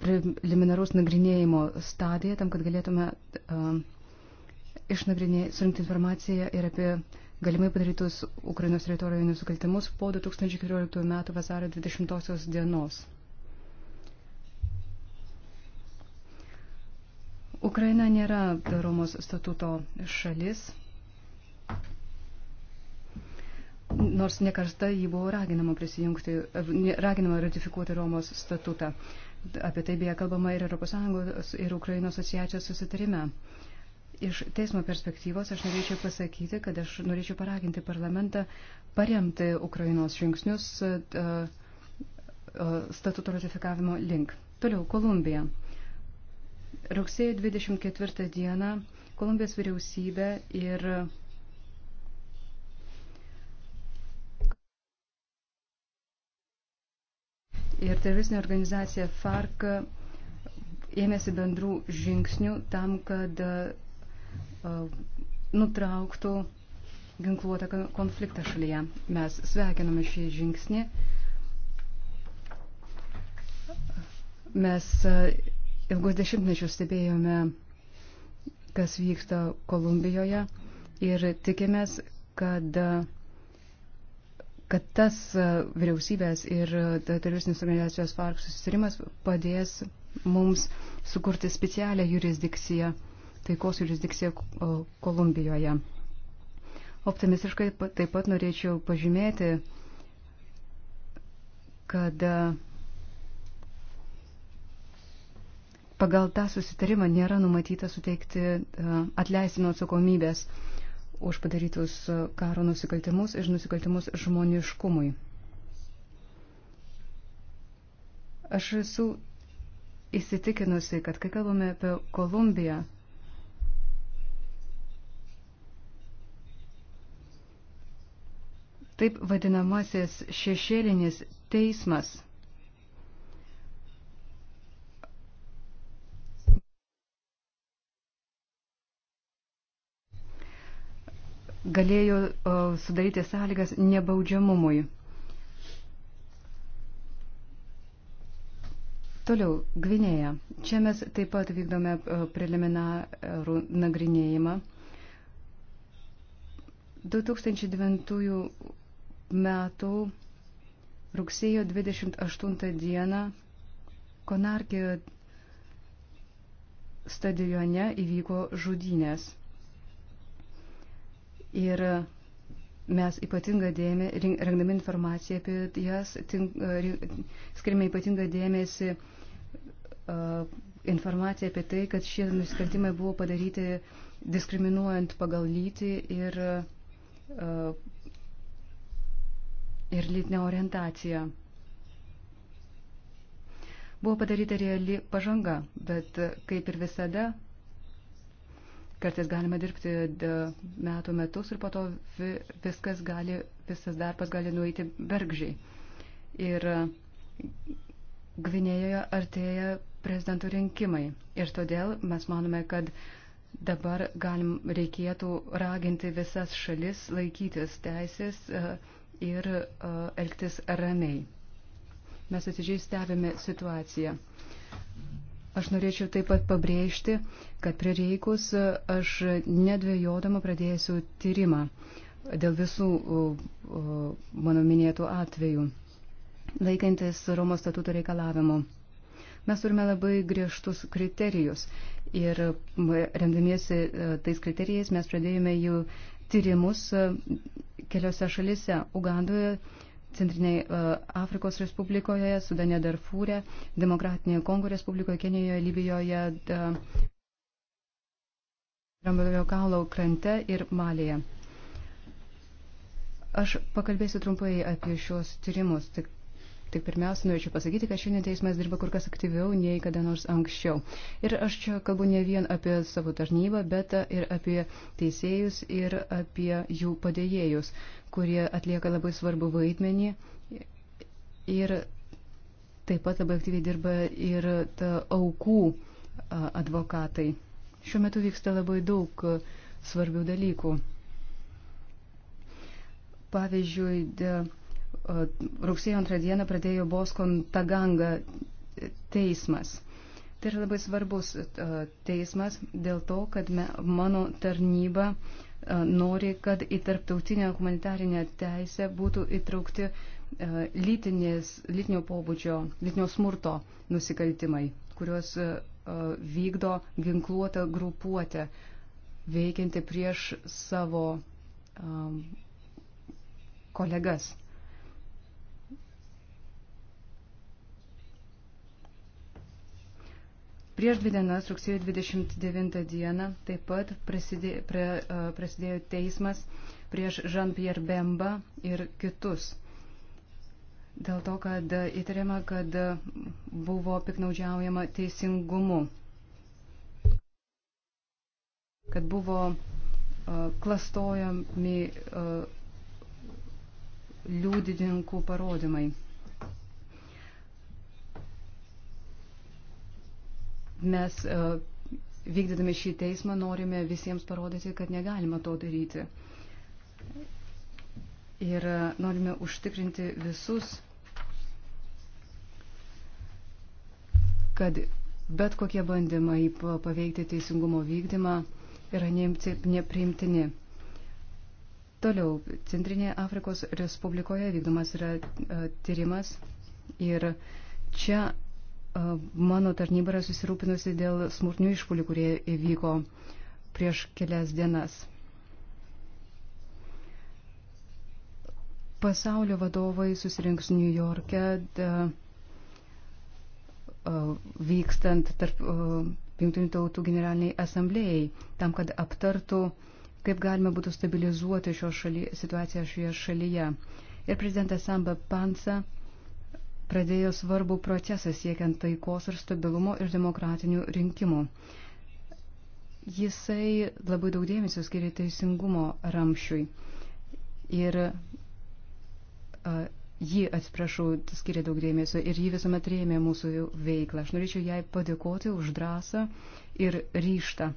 preliminarus nagrinėjimo stadiją tam, kad galėtume uh, surinkti informaciją ir apie galimai padarytus Ukrainos teritorijoje nusikaltimus po 2014 m. vasario 20 dienos. Ukraina nėra Romos statuto šalis, nors nekarsta jį buvo raginama prisijungti, raginama ratifikuoti Romos statutą. Apie tai beje kalbama ir ES ir Ukrainos asociacijos susitarime. Uh, Iš teismo perspektyvos aš norėčiau pasakyti, kad aš norėčiau paraginti parlamentą paremti Ukrainos žingsnius e, e, statuto ratifikavimo link. Toliau, Kolumbija. Rugsėjo 24 dieną Kolumbijos vyriausybė ir ir teroristinė organizacija FARC ėmėsi bendrų žingsnių tam, kad nutrauktų ginkluotą konfliktą šalyje. Mes sveikiname šį žingsnį. Mes ilgus dešimtmečius stebėjome, kas vyksta Kolumbijoje ir tikimės, kad kad tas vyriausybės ir teroristinės organizacijos FARC susitarimas padės mums sukurti specialią jurisdikciją taikos jurisdikcija Kolumbijoje. Optimistiškai taip pat norėčiau pažymėti, kad pagal tą susitarimą nėra numatyta suteikti e, atleisino atsakomybės už padarytus e, karo nusikaltimus ir nusikaltimus žmoniškumui. Aš esu įsitikinusi, kad kai kalbame apie Kolumbiją, taip vadinamasis šešėlinis teismas. galėjo sudaryti sąlygas nebaudžiamumui. Toliau, Gvinėja. Čia mes taip pat vykdome preliminarų nagrinėjimą. 2009 metų rugsėjo 28 dieną Konarkijo stadione įvyko žudynės. Ir mes ypatingą dėmesį, rengdami informaciją apie jas, tink, e, skirime ypatingą dėmesį uh, informaciją apie tai, kad šie nusikaltimai buvo padaryti diskriminuojant pagal lytį ir uh, ir lytinę orientaciją. Buvo padaryta reali pažanga, bet kaip ir visada, kartais galime dirbti metų metus ir po to viskas gali, visas darbas gali nueiti bergžiai. Ir Gvinėjoje artėja prezidentų rinkimai ir todėl mes manome, kad dabar galim, reikėtų raginti visas šalis laikytis teisės ir elgtis ramiai. Mes atidžiai stebime situaciją. Aš norėčiau taip pat pabrėžti, kad prireikus aš nedvėjodama pradėsiu tyrimą dėl visų mano minėtų atvejų, laikantis Romos statuto reikalavimų. Mes turime labai griežtus kriterijus ir remdamiesi tais kriterijais mes pradėjome jų tyrimus e, keliose šalise - Ugandoje, Centrinėje e, Afrikos Respublikoje, Sudane Darfūre, Demokratinėje Kongo Respublikoje, Kenijoje, Libijoje, Rambojo kalno krante ir Malėje. Aš pakalbėsiu trumpai apie šios tyrimus, tik Tai pirmiausia, norėčiau pasakyti, kad šiandien teismas dirba kur kas aktyviau nei kada nors anksčiau. Ir aš čia kalbu ne vien apie savo tarnybą, bet ir apie teisėjus ir apie jų padėjėjus, kurie atlieka labai svarbu vaidmenį. Ir taip pat labai aktyviai dirba ir aukų advokatai. Šiuo metu vyksta labai daug svarbių dalykų. Pavyzdžiui, de, rugsėjo antrą dieną pradėjo Boskon Taganga teismas. Tai yra labai svarbus teismas dėl to, kad me, mano tarnyba nori, kad į tarptautinę humanitarinę teisę būtų įtraukti lytinės, lytinio pobūdžio, lytinio smurto nusikaltimai, kuriuos vykdo ginkluota grupuotė, veikianti prieš savo kolegas. Prieš dvi dienas, rugsėjo 29 dieną, taip pat prasidė, pra, prasidėjo teismas prieš Jean-Pierre Bemba ir kitus. Dėl to, kad įtariama, kad buvo piknaudžiaujama teisingumu, kad buvo uh, klastojami uh, liūdininkų parodymai. mes e, vykdydami šį teismą norime visiems parodyti, kad negalima to daryti. Ir e, norime užtikrinti visus, kad bet kokie bandymai paveikti teisingumo vykdymą yra nepriimtini. Toliau, Centrinėje Afrikos Respublikoje vykdomas yra e, tyrimas ir čia Mano tarnyba yra susirūpinusi dėl smurtinių išpolių, kurie įvyko prieš kelias dienas. Pasaulio vadovai susirinks New York'e vykstant tarp Junktinių tautų generaliniai asamblėjai, tam, kad aptartų, kaip galima būtų stabilizuoti šio šaly, situaciją šioje šalyje. Ir prezidentas Samba Pansa pradėjo svarbų procesą siekiant taikos ir stabilumo ir demokratinių rinkimų. Jisai labai daug dėmesio skiria teisingumo ramšiui ir uh, jį, atsiprašau, skiria daug dėmesio ir jį visuomet rėmė mūsų veiklą. Aš norėčiau jai padėkoti už drąsą ir ryštą.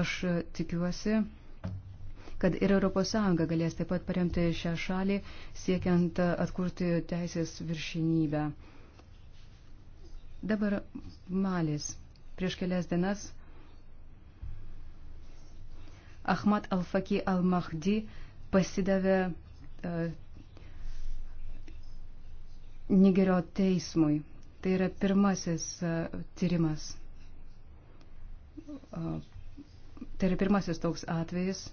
Aš tikiuosi, kad ir ES galės taip pat paremti šią šalį, siekiant atkurti teisės viršinybę. Dabar Malis. Prieš kelias dienas Ahmad Al-Faki Al-Mahdi pasidavė uh, Nigerio teismui. Tai yra pirmasis uh, tyrimas. Uh, tai yra pirmasis toks atvejis.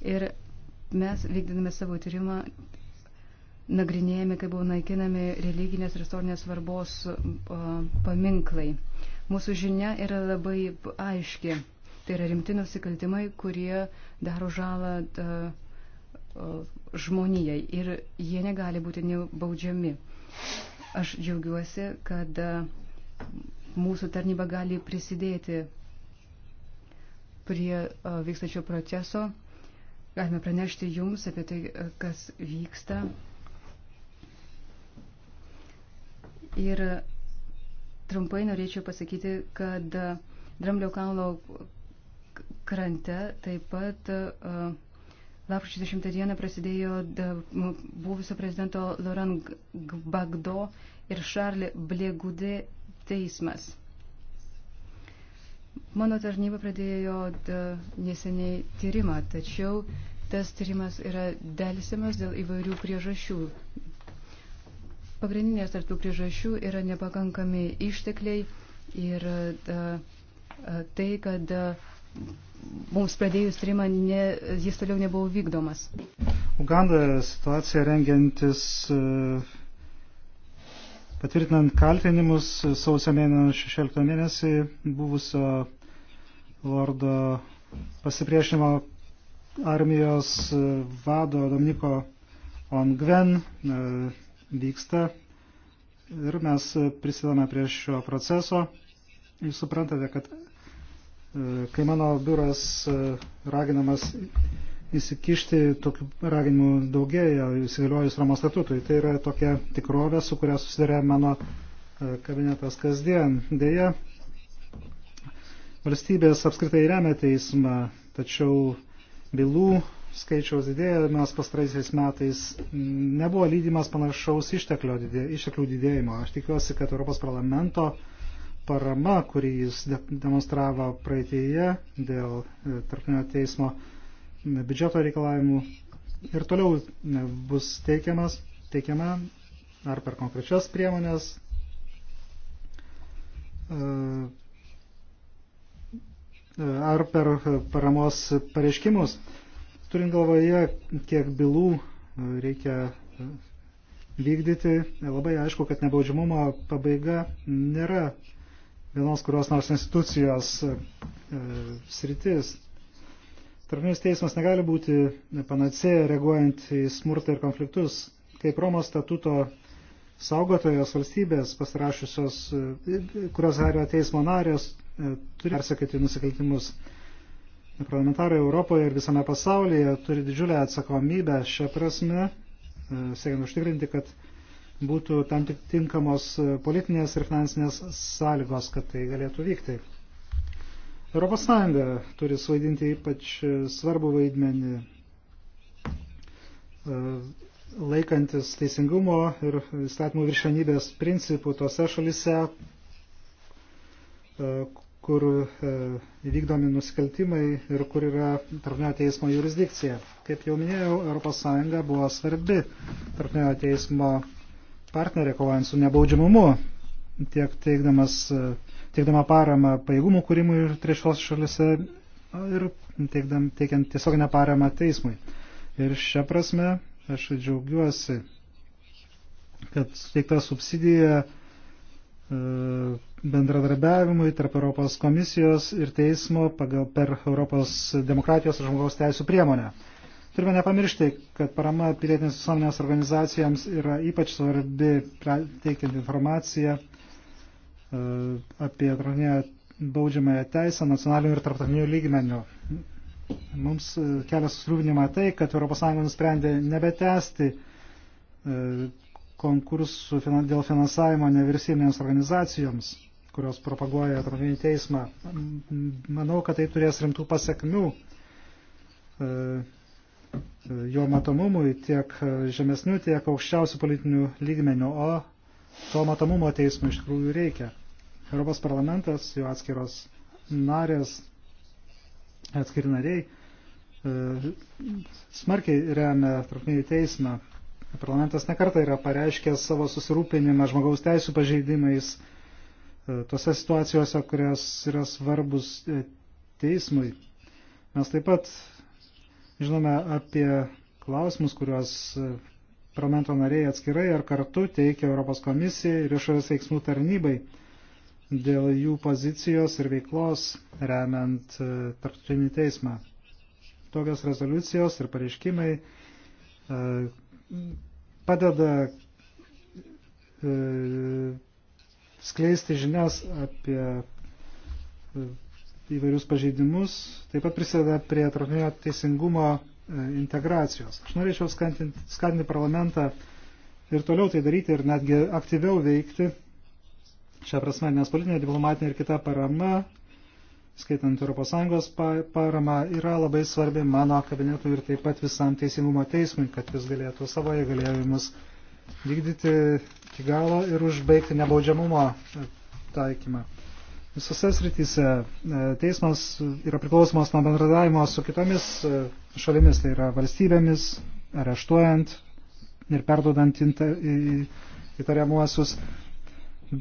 Ir mes vykdiname savo tyrimą, nagrinėjame, kaip buvo naikinami religinės ir istorinės svarbos paminklai. Mūsų žinia yra labai aiški. Tai yra rimti nusikaltimai, kurie daro žalą žmonijai ir jie negali būti nebaudžiami. Aš džiaugiuosi, kad mūsų tarnyba gali prisidėti prie vykstačio proceso Galime pranešti jums apie tai, kas vyksta. Ir trumpai norėčiau pasakyti, kad Dramblio kalno krante taip pat uh, lapkričio 10 dieną prasidėjo buvusio prezidento Laurent Gbagdo ir Šarli Bliegudė teismas. Mano tarnyba pradėjo e, neseniai tyrimą, tačiau tas tyrimas yra dėlisimas dėl įvairių priežasčių. Pagrindinės tarptų priežasčių yra nepakankami ištekliai ir da, e, e, tai, kad da, mums pradėjus tyrimą ne, jis toliau nebuvo vykdomas. Uganda situacija rengiantis. Uh, Patvirtinant kaltinimus sausio mėnesio 16 mėnesį buvusio lordo pasipriešinimo armijos vado Dominiko Ongven e, vyksta ir mes prisidame prie šio proceso. Jūs suprantate, kad e, kai mano biuras e, raginamas įsikišti tokių raginimų daugėja įsigaliojus Romos statutui. Tai yra tokia tikrovė, su kuria susidarė mano e, kabinetas kasdien. Deja, valstybės apskritai remia teismą, tačiau bylų skaičiaus didėjimas pastaraisiais metais nebuvo lydimas panašaus didė, išteklių didėjimo. Aš tikiuosi, kad Europos parlamento parama, kurį jis demonstravo praeitėje dėl e, tarpinio teismo biudžeto reikalavimų ir toliau bus teikiamas, teikiama ar per konkrečias priemonės, e, e, ar per paramos pareiškimus. Turint galvoje, kiek bylų e, reikia vykdyti, labai aišku, kad nebaudžiamumo pabaiga nėra vienos kurios nors institucijos sritis. Tarpinis teismas negali būti panacėja reaguojant į smurtą ir konfliktus. Kaip Romos statuto saugotojos valstybės pasirašiusios, kurios hario teismo narės, e, turi persekėti nusikaltimus. Parlamentarai Europoje ir visame pasaulyje turi didžiulę atsakomybę šią prasme, e, siekiant užtikrinti, kad būtų tam tik tinkamos politinės ir finansinės sąlygos, kad tai galėtų vykti. Europos Sąjunga turi suvaidinti ypač svarbų vaidmenį e, laikantis teisingumo ir įstatymų viršenybės principų tose šalise, e, kur e, įvykdomi nusikaltimai ir kur yra tarpinio teismo jurisdikcija. Kaip jau minėjau, ES buvo svarbi tarpinio teismo partnerė kovojant su nebaudžiamumu, tiek teikdamas uh, teikdama paramą pajėgumų kūrimui ir trečios šalise ir teikdam, teikiant tiesioginę paramą teismui. Ir šią prasme aš džiaugiuosi, kad suteikta subsidija e, bendradarbiavimui tarp Europos komisijos ir teismo pagal per Europos demokratijos ir žmogaus teisų priemonę. Turime nepamiršti, kad parama pilietinės visuomenės organizacijoms yra ypač svarbi teikiant informaciją E, apie atranėje baudžiamąją teisę nacionalinių ir tarptautinių lygmenių. Mums e, kelia susirūpinimą tai, kad ES nusprendė nebetesti e, konkursų dėl finansavimo nevyriausybinėms organizacijoms, kurios propaguoja atranėjų teismą. Manau, kad tai turės rimtų pasiekmių jo matomumui tiek žemesnių, tiek aukščiausių politinių lygmenių, o To matomumo teismui iš tikrųjų reikia. Europos parlamentas, jo atskiros narės, atskiri nariai, e, smarkiai remia trukmėjų teismą. Parlamentas nekarta yra pareiškęs savo susirūpinimą žmogaus teisų pažeidimais e, tose situacijose, kurios yra svarbus e, teismui. Mes taip pat žinome apie klausimus, kuriuos parlamento nariai atskirai ar kartu teikia Europos komisijai ir išorės veiksmų tarnybai dėl jų pozicijos ir veiklos remiant e, tarptautinį teismą. Tokios rezoliucijos ir pareiškimai e, padeda e, skleisti žinias apie įvairius pažeidimus, taip pat prisideda prie tarptautinio teisingumo E, integracijos. Aš norėčiau skatinti parlamentą ir toliau tai daryti ir netgi aktyviau veikti. Šią prasme, nes politinė, diplomatinė ir kita parama, skaitant ES parama, yra labai svarbi mano kabinetui ir taip pat visam teisingumo teismui, kad jis galėtų savo įgalėjimus vykdyti iki galo ir užbaigti nebaudžiamumo taikymą. Visose srityse e, teismas yra priklausomas nuo bendradavimo su kitomis e, šalimis, tai yra valstybėmis, areštuojant ir perdodant įtariamuosius.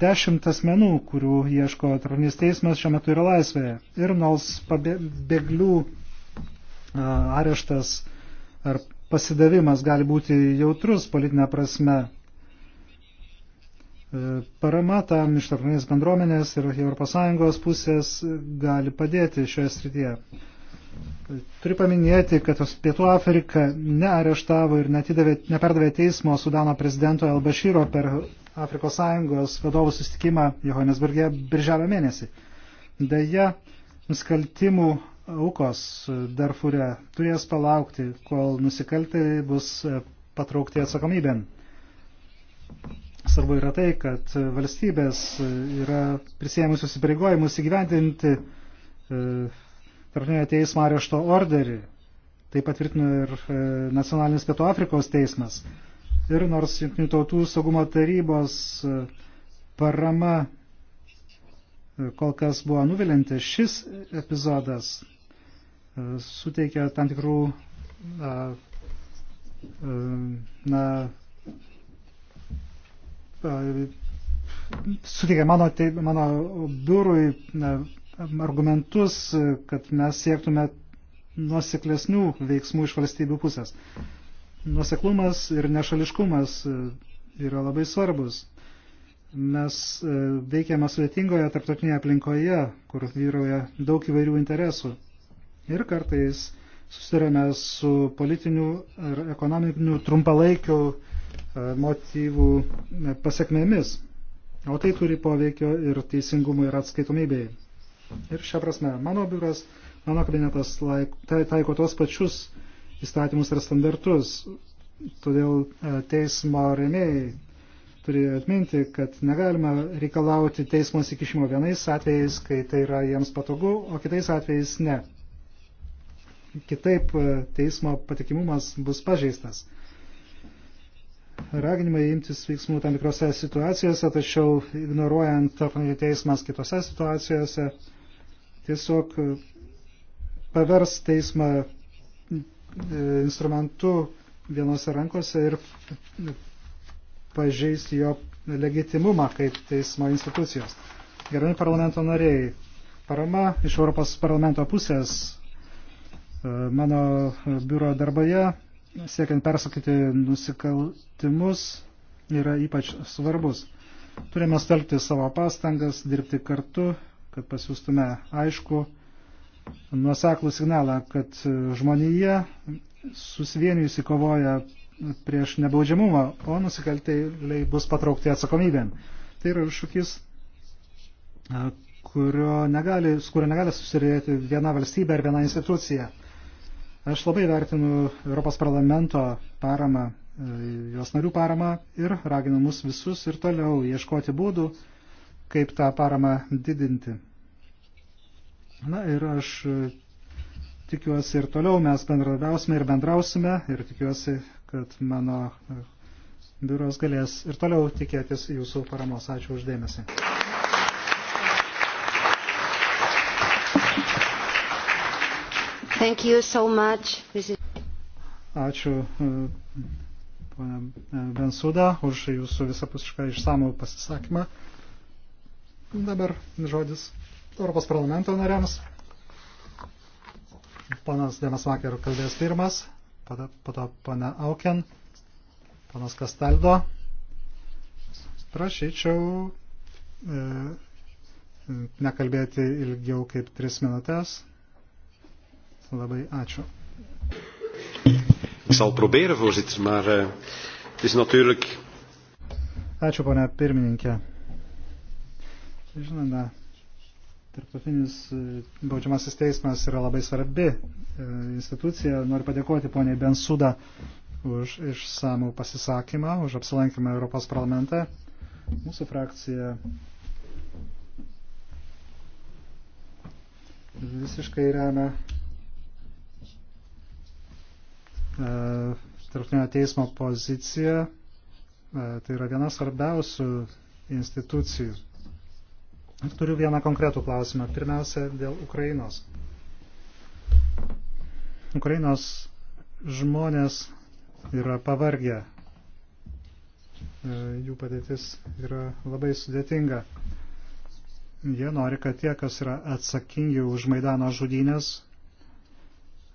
Dešimt asmenų, kurių ieško tarnys teismas, šiuo metu yra laisvėje. Ir nors bėglių e, areštas ar pasidavimas gali būti jautrus politinė prasme, E, parama tam iš tarptautinės bendruomenės ir ES pusės gali padėti šioje srityje. E, turiu paminėti, kad Pietų Afrika neareštavo ir netidavė, neperdavė teismo Sudano prezidento Elbašyro per Afrikos Sąjungos vadovų sustikimą Johannesburgė birželio mėnesį. Deja, nusikaltimų aukos Darfūre turės palaukti, kol nusikaltėliai bus patraukti atsakomybėn. Svarbu yra tai, kad valstybės yra prisėmusios įsipareigojimus įgyvendinti e, tarptautinio teismo arešto orderį. Tai patvirtino ir e, Nacionalinis Pietų Afrikos teismas. Ir nors Junktinių tautų saugumo tarybos e, parama kol kas buvo nuvilinti, šis epizodas suteikia tam tikrų na, suteikė mano, te, mano biurui argumentus, kad mes siektume nuoseklesnių veiksmų iš valstybių pusės. Nuoseklumas ir nešališkumas e, yra labai svarbus. Mes e, veikiame sudėtingoje tarptautinėje aplinkoje, kur vyroja daug įvairių interesų. Ir kartais susidurėme su politiniu ar ekonominiu trumpalaikiu E, motyvų e, pasiekmėmis. O tai turi poveikio ir teisingumui ir atskaitomybei. Ir šią prasme, mano biuras, mano kabinetas laik, taiko tos pačius įstatymus ir standartus. Todėl e, teismo remėjai turi atminti, kad negalima reikalauti teismo įsikišimo vienais atvejais, kai tai yra jiems patogu, o kitais atvejais ne. Kitaip teismo patikimumas bus pažeistas raginimai imtis veiksmų tam tikrose situacijose, tačiau ignoruojant tarptautinį teismas kitose situacijose, tiesiog e, pavers teismą e, instrumentu vienose rankose ir e, pažeis jo legitimumą kaip teismo institucijos. Gerai parlamento nariai, parama iš Europos parlamento pusės mano biuro darboje siekiant persakyti nusikaltimus yra ypač svarbus. Turime stelkti savo pastangas, dirbti kartu, kad pasiūstume aišku nuoseklų signalą, kad žmonija susivienijusi kovoja prieš nebaudžiamumą, o nusikaltėliai bus patraukti atsakomybėn. Tai yra iššūkis, kurio negali, su kurio negali susirėti viena valstybė ar viena institucija. Aš labai vertinu Europos parlamento paramą, e, jos narių paramą ir raginu mus visus ir toliau ieškoti būdų, kaip tą paramą didinti. Na ir aš e, tikiuosi ir toliau mes bendradausime ir bendrausime ir tikiuosi, kad mano e, biuros galės ir toliau tikėtis jūsų paramos. Ačiū uždėmesi. Thank you so much. Ačiū, e, ponia e, Bensuda, už jūsų visapusišką išsamų pasisakymą. Dabar žodis Europos parlamento nariams. Ponas Demas Maker kalbės pirmas, po to pana Auken, ponas Kastaldo. Prašyčiau e, nekalbėti ilgiau kaip tris minutės, Labai ačiū. Ik zal proberen, voorzitter, maar uh, het is natuurlijk. Ačiū, ponia pirmininkė. Žinoma, tarptautinis e, baudžiamasis teismas yra labai svarbi e, institucija. Noriu padėkoti poniai Bensuda už išsamų pasisakymą, už apsilankymą Europos parlamente. Mūsų frakcija visiškai remia E, tarptautinio teismo pozicija. E, tai yra viena svarbiausių institucijų. Turiu vieną konkretų klausimą. Pirmiausia, dėl Ukrainos. Ukrainos žmonės yra pavargę. E, jų padėtis yra labai sudėtinga. Jie nori, kad tie, kas yra atsakingi už Maidano žudynės,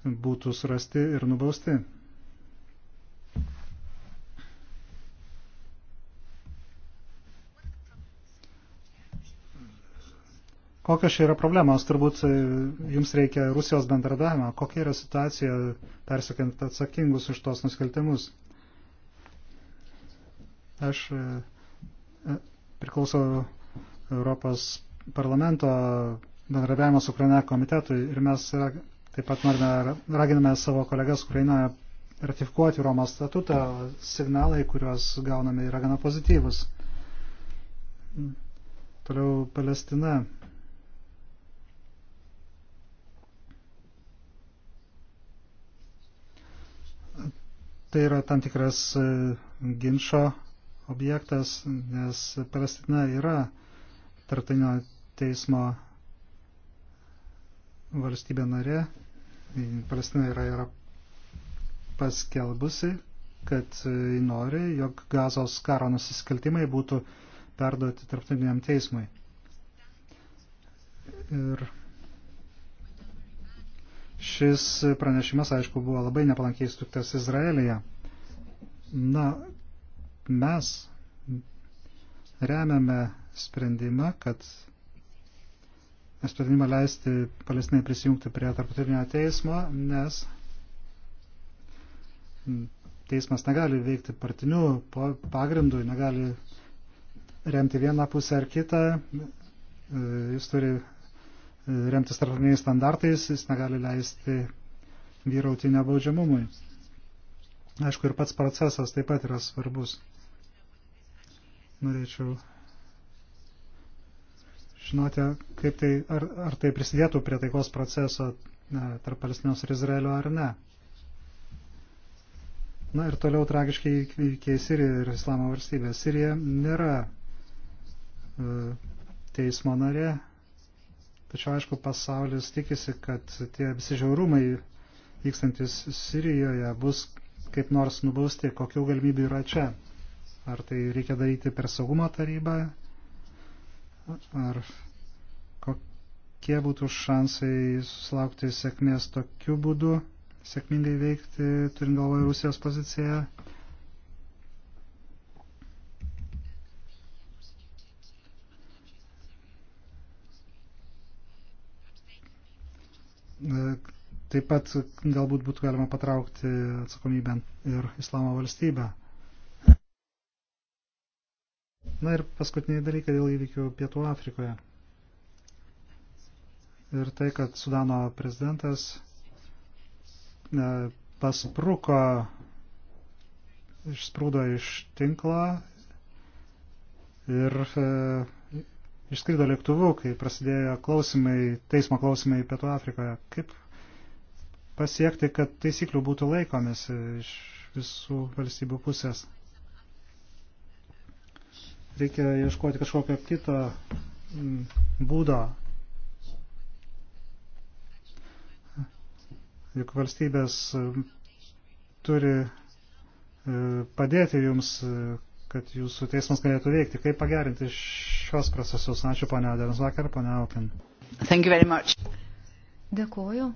būtų surasti ir nubausti. Kokios čia yra problemos? Turbūt e, jums reikia Rusijos bendradavimo. Kokia yra situacija persikint atsakingus už tos nusikaltimus? Aš e, e, priklausau Europos parlamento bendradarbiavimo su Ukraina komitetui ir mes taip pat norime, raginame savo kolegas Ukrainoje ratifikuoti Romos statutą, signalai, kuriuos gauname, yra gana pozityvus. Toliau Palestina. tai yra tam tikras e, ginčio objektas, nes Palestina yra tartinio teismo valstybė narė. Palestina yra, yra paskelbusi, kad e, nori, jog gazos karo nusiskiltimai būtų perduoti tarptautiniam teismui. Ir Šis pranešimas, aišku, buvo labai nepalankiai stuktas Izraelyje. Na, mes remiame sprendimą, kad sprendimą leisti Palestinai prisijungti prie tarptautinio teismo, nes teismas negali veikti partinių pagrindų, negali remti vieną pusę ar kitą, e, jis turi remtis tarptautiniais standartais, jis negali leisti vyrauti nebaudžiamumui. Aišku, ir pats procesas taip pat yra svarbus. Norėčiau žinoti, kaip tai, ar, ar tai prisidėtų prie taikos proceso ne, tarp Palestinos ir Izraelio ar ne. Na ir toliau tragiškai įvykiai Sirija ir Islamo valstybė. Sirija nėra e, teismo narė, Tačiau, aišku, pasaulis tikisi, kad tie visi žiaurumai vykstantis Sirijoje bus kaip nors nubausti, kokių galimybių yra čia. Ar tai reikia daryti per saugumo tarybą, ar kokie būtų šansai susilaukti sėkmės tokiu būdu, sėkmingai veikti, turint galvoje Rusijos poziciją. Taip pat galbūt būtų galima patraukti atsakomybę ir islamo valstybę. Na ir paskutiniai dalykai dėl įvykių Pietų Afrikoje. Ir tai, kad Sudano prezidentas e, paspruko, išsprūdo iš tinklo ir e, išskrido lėktuvu, kai prasidėjo klausimai, teismo klausimai Pietų Afrikoje. Kaip pasiekti, kad taisyklių būtų laikomis iš visų valstybių pusės? Reikia ieškoti kažkokio kito mm, būdo. Juk valstybės mm, turi e, padėti jums kad jūsų teismas galėtų veikti. Kaip pagerinti šios procesus? Ačiū, ponia Adams vakar, ponia Aukin. Dėkuoju.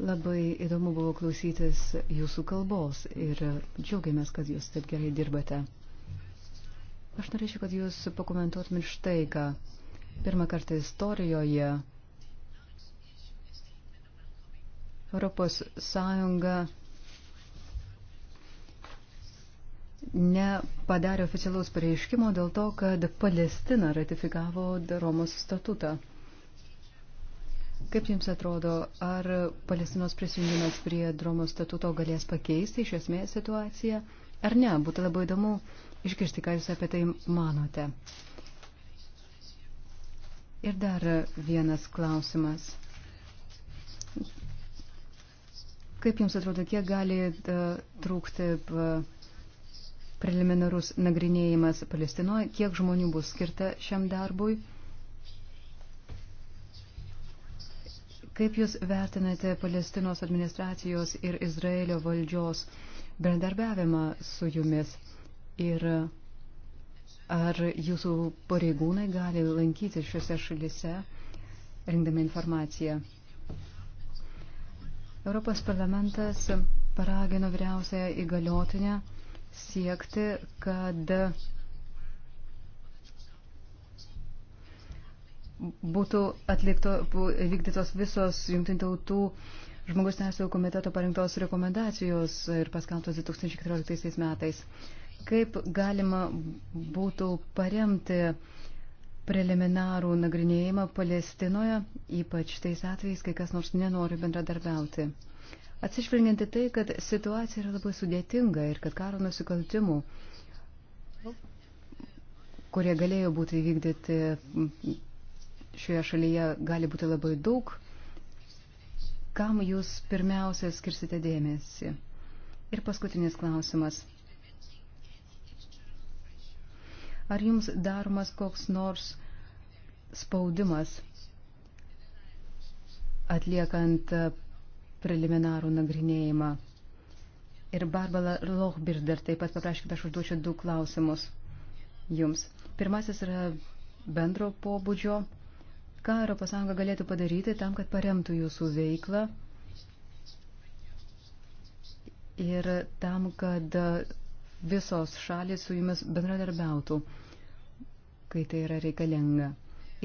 Labai įdomu buvo klausytis jūsų kalbos ir džiaugiamės, kad jūs taip gerai dirbate. Aš norėčiau, kad jūs pakomentuotumėt štai ką. Pirmą kartą istorijoje Europos Sąjunga nepadarė oficialaus pareiškimo dėl to, kad Palestina ratifikavo Romos statutą. Kaip Jums atrodo, ar Palestinos prisijungimas prie Romos statuto galės pakeisti iš esmės situaciją, ar ne? Būtų labai įdomu išgirsti, ką Jūs apie tai manote. Ir dar vienas klausimas. Kaip Jums atrodo, kiek gali e, trūkti e, preliminarus nagrinėjimas Palestinoje, kiek žmonių bus skirta šiam darbui. Kaip Jūs vertinate Palestinos administracijos ir Izraelio valdžios bendarbiavimą su Jumis ir ar Jūsų pareigūnai gali lankyti šiuose šalise, rinkdami informaciją? Europos parlamentas paragino vyriausiąją įgaliotinę siekti, kad būtų atlikto, vykdytos visos jungtinių tautų žmogus teisų komiteto parinktos rekomendacijos ir paskeltos 2014 metais. Kaip galima būtų paremti preliminarų nagrinėjimą Palestinoje, ypač tais atvejais, kai kas nors nenori bendradarbiauti? Atsižvelgianti tai, kad situacija yra labai sudėtinga ir kad karo nusikaltimų, kurie galėjo būti įvykdyti šioje šalyje, gali būti labai daug, kam jūs pirmiausia skirsite dėmesį? Ir paskutinis klausimas. Ar jums daromas koks nors spaudimas atliekant preliminarų nagrinėjimą. Ir Barbara Lochbirder taip pat paprašė, kad aš užduočiau du klausimus jums. Pirmasis yra bendro pobūdžio. Ką ES galėtų padaryti tam, kad paremtų jūsų veiklą ir tam, kad visos šalis su jumis bendradarbiautų, kai tai yra reikalinga.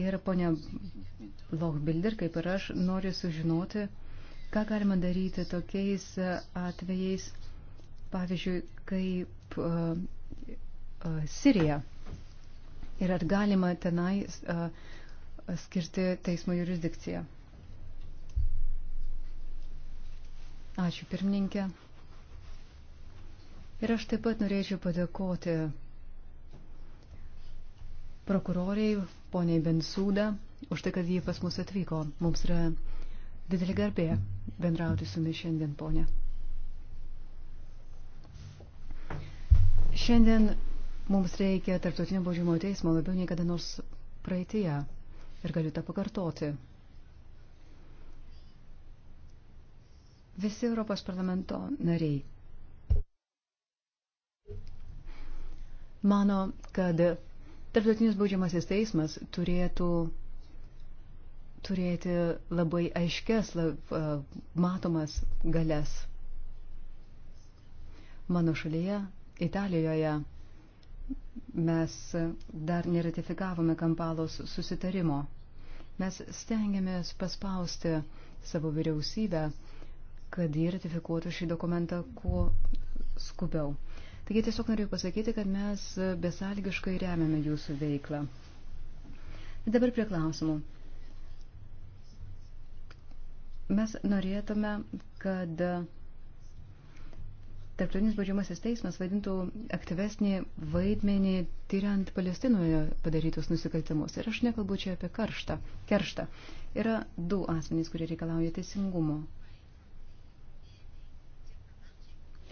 Ir ponia Lochbilder, kaip ir aš, noriu sužinoti, Ką galima daryti tokiais e, atvejais, pavyzdžiui, kaip uh, uh, Sirija. Ir ar galima tenai uh, skirti teismo jurisdikciją? Ačiū pirmininkė. Ir aš taip pat norėčiau padėkoti prokuroriai, poniai Bensūda, už tai, kad jie pas mus atvyko. Mums yra didelė garbė bendrauti su mumis šiandien, ponė. Šiandien mums reikia tarptautinio baudžiamo teismo labiau nei kada nors praeitėje. Ir galiu tą pakartoti. Visi Europos parlamento nariai mano, kad tarptautinis baudžiamasis teismas turėtų turėti labai aiškes, lab, matomas galės. Mano šalyje, Italijoje, mes dar neratifikavome Kampalos susitarimo. Mes stengiamės paspausti savo vyriausybę, kad jie ratifikuotų šį dokumentą kuo skubiau. Taigi tiesiog noriu pasakyti, kad mes besalgiškai remiame jūsų veiklą. Dabar prie klausimų. Mes norėtume, kad Tarptautinis baudžiamasis teismas vaidintų aktyvesnį vaidmenį tyriant Palestinoje padarytus nusikaltimus. Ir aš nekalbu čia apie karštą, kerštą. Yra du asmenys, kurie reikalauja teisingumo.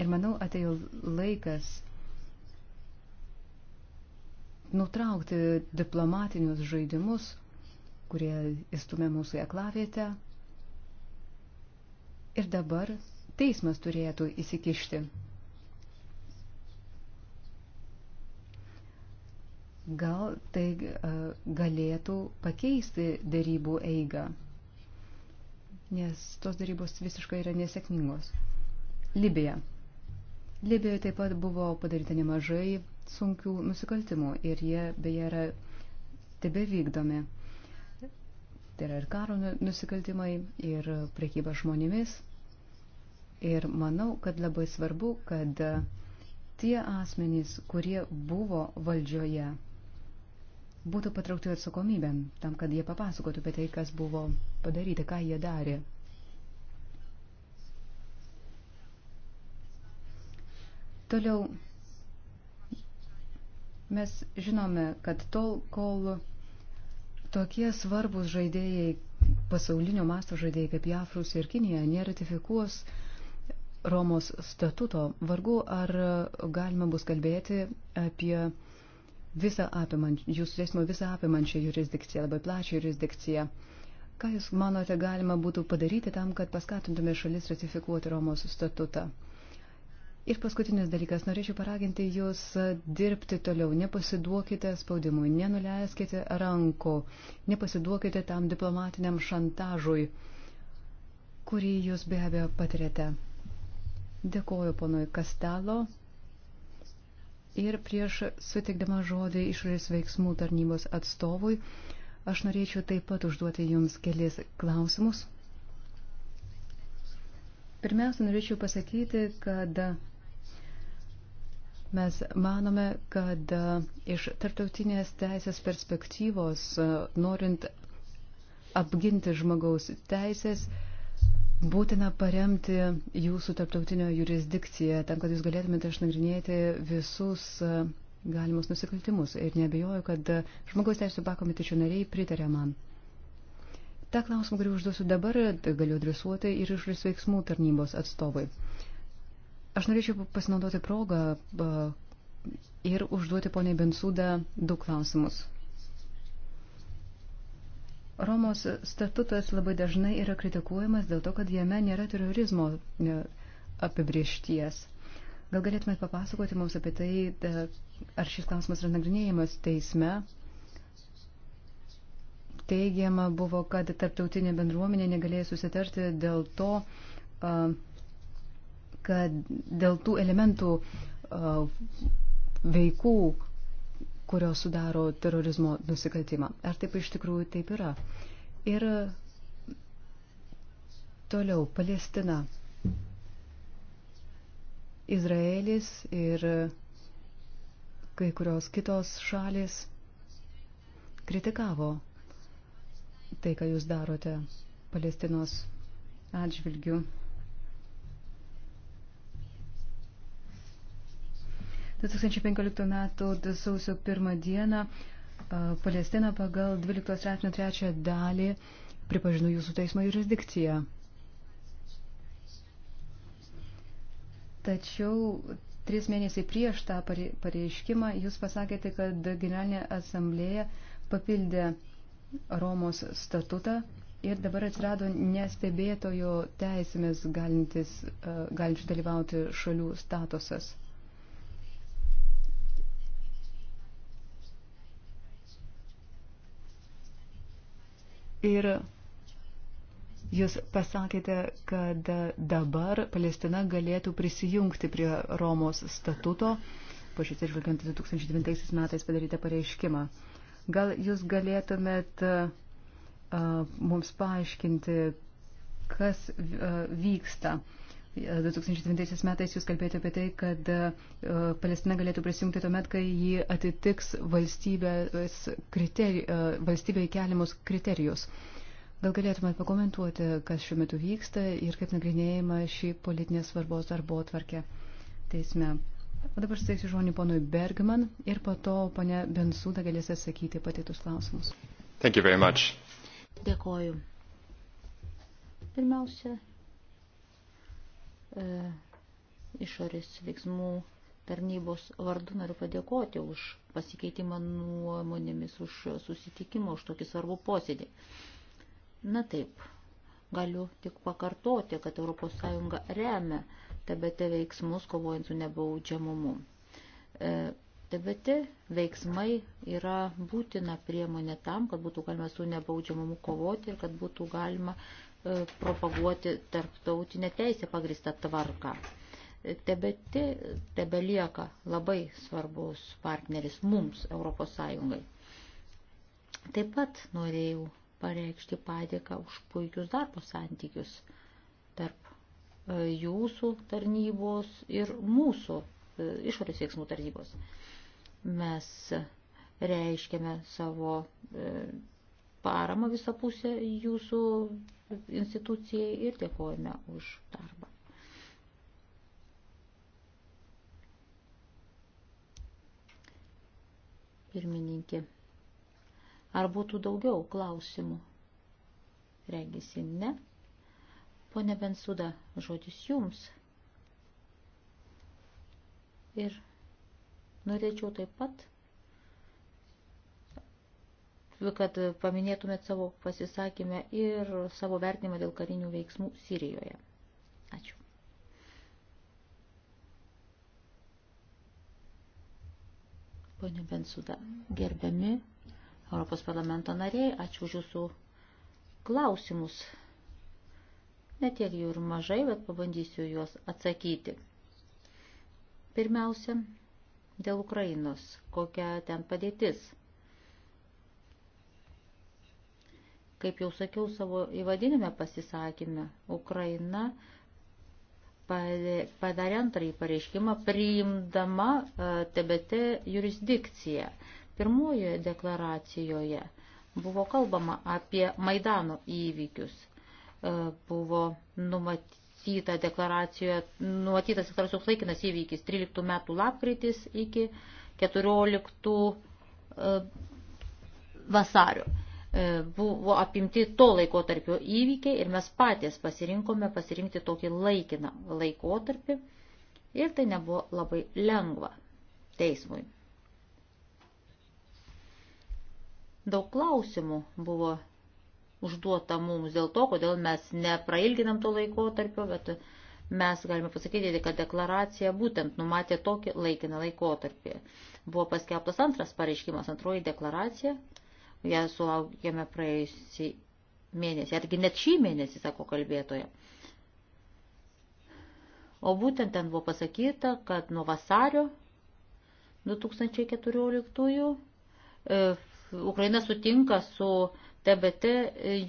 Ir manau, atėjo laikas nutraukti diplomatinius žaidimus, kurie įstumė mūsų į aklavietę Ir dabar teismas turėtų įsikišti. Gal tai e, galėtų pakeisti darybų eigą, nes tos darybos visiškai yra nesėkmingos. Libija. Libijoje taip pat buvo padaryta nemažai sunkių nusikaltimų ir jie beje yra tebe vykdomi. Tai yra ir karo nu, nusikaltimai, ir prekyba žmonėmis. Ir manau, kad labai svarbu, kad tie asmenys, kurie buvo valdžioje, būtų patraukti atsakomybėm, tam, kad jie papasakotų apie tai, kas buvo padaryta, ką jie darė. Toliau mes žinome, kad tol, kol tokie svarbus žaidėjai, pasaulinio masto žaidėjai kaip JAF, Rusija ir Kinija, neratifikuos Romos statuto. Vargu ar galima bus kalbėti apie visą apimančią, jūsų teismo visą apimančią jurisdikciją, labai plačią jurisdikciją. Ką Jūs manote galima būtų padaryti tam, kad paskatintume šalis ratifikuoti Romos statutą? Ir paskutinis dalykas, norėčiau paraginti jūs dirbti toliau, nepasiduokite spaudimui, nenuleiskite rankų, nepasiduokite tam diplomatiniam šantažui, kurį jūs be abejo patirėte. Dėkoju ponui Kastalo ir prieš sutikdama žodį išorės veiksmų tarnybos atstovui, aš norėčiau taip pat užduoti jums kelis klausimus. Pirmiausia, norėčiau pasakyti, kad Mes manome, kad e, iš tartautinės teisės perspektyvos, e, norint apginti žmogaus teisės, būtina paremti jūsų tarptautinio jurisdikciją, tam, kad jūs galėtumėte išnagrinėti visus e, galimus nusikaltimus. Ir nebejoju, kad žmogaus teisų pakomitečių nariai pritarė man. Ta klausimą, kurį užduosiu dabar, galiu adresuoti ir iš veiksmų tarnybos atstovai. Aš norėčiau pasinaudoti progą ir užduoti ponė Bensūdą du klausimus. Romos statutas labai dažnai yra kritikuojamas dėl to, kad jame nėra terorizmo e, apibriešties. Gal galėtumėt papasakoti mums apie tai, e, ar šis klausimas yra nagrinėjimas teisme? Teigiama buvo, kad tarptautinė bendruomenė negalėjo susitarti dėl to, uh, kad dėl tų elementų veikų, kurios sudaro terorizmo nusikaltimą. Ar taip iš tikrųjų taip yra? Ir toliau Palestina, Izraelis ir kai kurios kitos šalis kritikavo tai, ką jūs darote Palestinos atžvilgiu. 2015 m. sausio 1 d. Palestina pagal 12 straipsnio 3 dalį pripažino jūsų teismo jurisdikciją. Tačiau tris mėnesiai prieš tą pareiškimą jūs pasakėte, kad Generalinė asamblėja papildė Romos statutą ir dabar atsirado nestebėtojo teisėmis galintis, galinčių dalyvauti šalių statusas. Ir jūs pasakėte, kad dabar Palestina galėtų prisijungti prie Romos statuto, pažiūrėti, žvelgiant 2009 metais padarytą pareiškimą. Gal jūs galėtumėt uh, mums paaiškinti, kas uh, vyksta? Uh, 2009 metais jūs kalbėjote apie tai, kad e, Palestina galėtų prisijungti tuomet, kai ji atitiks kriterij, e, valstybėje keliamus kriterijus. Gal galėtumėte pakomentuoti, kas šiuo metu vyksta ir kaip nagrinėjama šį politinės svarbos darbo atvarkę teisme. O dabar suteiksiu žodį ponui Bergman ir po to ponė Bensuda galės atsakyti patytus klausimus. Thank you very much. Dėkoju. Pirmiausia, E, išorės veiksmų tarnybos vardu noriu padėkoti už pasikeitimą nuomonėmis, už susitikimą, už tokį svarbų posėdį. Na taip, galiu tik pakartoti, kad ES remia TBT veiksmus kovojant su nebaudžiamumu. TBT e, veiksmai yra būtina priemonė tam, kad būtų galima su nebaudžiamumu kovoti ir kad būtų galima E, propaguoti tarptautinę teisę pagristą tvarką. Tebeti, tebe lieka labai svarbus partneris mums, Europos Sąjungai. Taip pat norėjau pareikšti padėką už puikius darbo santykius tarp e, jūsų tarnybos ir mūsų e, išorės veiksmų tarnybos. Mes reiškiame savo paramą visą pusę jūsų institucijai ir dėkojame už darbą. Pirmininkė, ar būtų daugiau klausimų? Regisi ne. Pone Bensuda, žodis jums. Ir norėčiau taip pat kad paminėtumėt savo pasisakymę ir savo vertinimą dėl karinių veiksmų Sirijoje. Ačiū. Pone Bensuda, gerbiami Europos parlamento nariai, ačiū už jūsų klausimus. Netiek jų ir mažai, bet pabandysiu juos atsakyti. Pirmiausia, dėl Ukrainos, kokia ten padėtis – Kaip jau sakiau savo įvadinėme pasisakymę, Ukraina padarė antrąjį pareiškimą priimdama TBT e, jurisdikciją. Pirmojoje deklaracijoje buvo kalbama apie Maidano įvykius. E, buvo numatyta deklaracijoje, numatytas deklaracijos laikinas įvykis 13 metų lapkritis iki 14 e, vasario. E, buvo apimti to laikotarpio įvykiai ir mes patys pasirinkome pasirinkti tokį laikiną laikotarpį ir tai nebuvo labai lengva teismui. Daug klausimų buvo užduota mums dėl to, kodėl mes neprailginam to laikotarpio, bet mes galime pasakyti, kad deklaracija būtent numatė tokį laikiną laikotarpį. Buvo paskelbtas antras pareiškimas, antroji deklaracija ją sulaukėme praėjusį mėnesį, argi net šį mėnesį, sako kalbėtoja. O būtent ten buvo pasakyta, kad nuo vasario 2014 e, Ukraina sutinka su TBT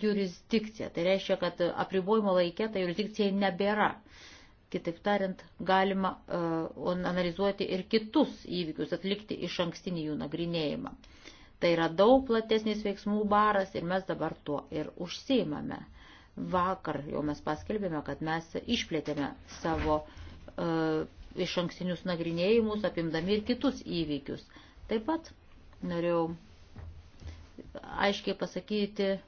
jurisdikcija. Tai reiškia, kad apribojimo laikė ta jurisdikcija nebėra. Kitaip tariant, galima e, analizuoti ir kitus įvykius, atlikti iš ankstinį jų nagrinėjimą. E, Tai yra daug platesnis veiksmų baras ir mes dabar tuo ir užsiimame. Vakar jau mes paskelbėme, kad mes išplėtėme savo uh, iš ankstinius nagrinėjimus, apimdami ir kitus įvykius. Taip pat norėjau aiškiai pasakyti uh,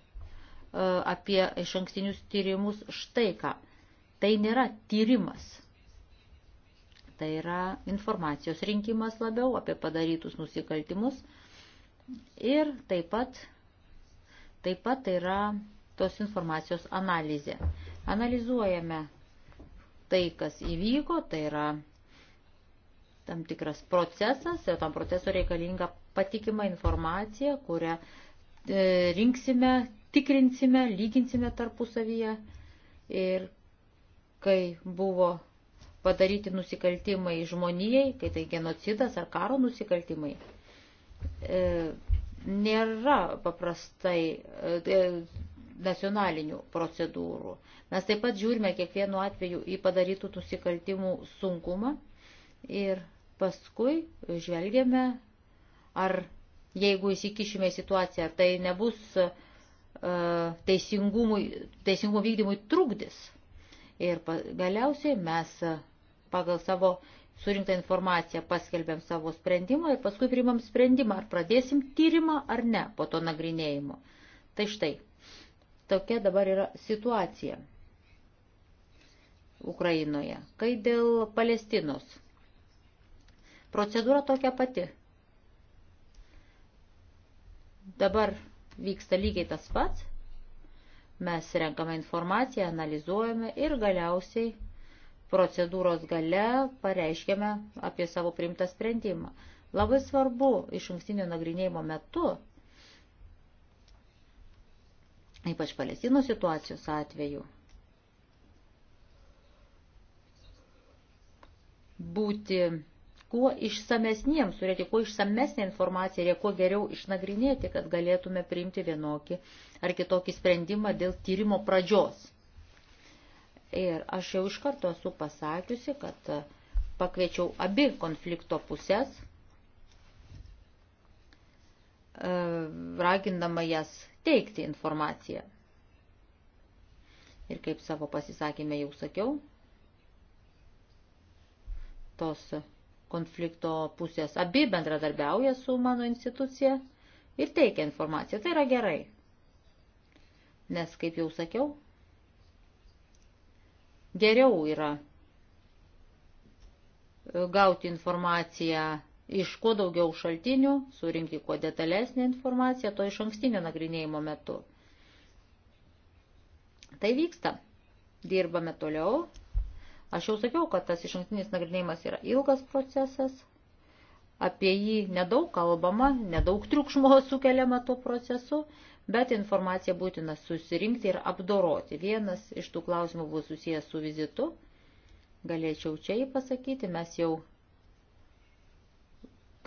apie iš ankstinius tyrimus štai ką. Tai nėra tyrimas. Tai yra informacijos rinkimas labiau apie padarytus nusikaltimus ir taip pat, taip pat tai yra tos informacijos analizė. Analizuojame tai, kas įvyko, tai yra tam tikras procesas ir tam procesu reikalinga patikima informacija, kurią e, rinksime, tikrinsime, lyginsime tarpusavyje ir kai buvo padaryti nusikaltimai žmonijai, kai tai genocidas ar karo nusikaltimai E, nėra paprastai e, nacionalinių procedūrų. Mes taip pat žiūrime kiekvienu atveju į padarytų nusikaltimų sunkumą ir paskui žvelgiame, ar jeigu įsikišime į situaciją, tai nebus e, teisingumo vykdymui trukdis. Ir galiausiai mes pagal savo surinktą informaciją paskelbėm savo sprendimą ir paskui priimam sprendimą, ar pradėsim tyrimą ar ne po to nagrinėjimo. Tai štai, tokia dabar yra situacija Ukrainoje. Kai dėl Palestinos. Procedūra tokia pati. Dabar vyksta lygiai tas pats. Mes renkame informaciją, analizuojame ir galiausiai procedūros gale pareiškėme apie savo priimtą sprendimą. Labai svarbu iš ankstinio nagrinėjimo metu, ypač Palestino situacijos atveju, būti kuo išsamesniems, turėti kuo išsamesnę informaciją ir kuo geriau išnagrinėti, kad galėtume priimti vienokį ar kitokį sprendimą dėl tyrimo pradžios. Ir aš jau iš karto esu pasakiusi, kad pakviečiau abi konflikto pusės, e, ragindama jas teikti informaciją. Ir kaip savo pasisakymę jau sakiau, tos konflikto pusės abi bendradarbiauja su mano institucija ir teikia informaciją. Tai yra gerai. Nes, kaip jau sakiau, geriau yra gauti informaciją iš kuo daugiau šaltinių, surinkti kuo detalesnį informaciją to iš ankstinio nagrinėjimo metu. Tai vyksta. Dirbame toliau. Aš jau sakiau, kad tas iš ankstinis nagrinėjimas yra ilgas procesas. Apie jį nedaug kalbama, nedaug triukšmo sukeliama tuo procesu, bet informaciją būtina susirinkti ir apdoroti. Vienas iš tų klausimų buvo susijęs su vizitu. Galėčiau čia jį pasakyti, mes jau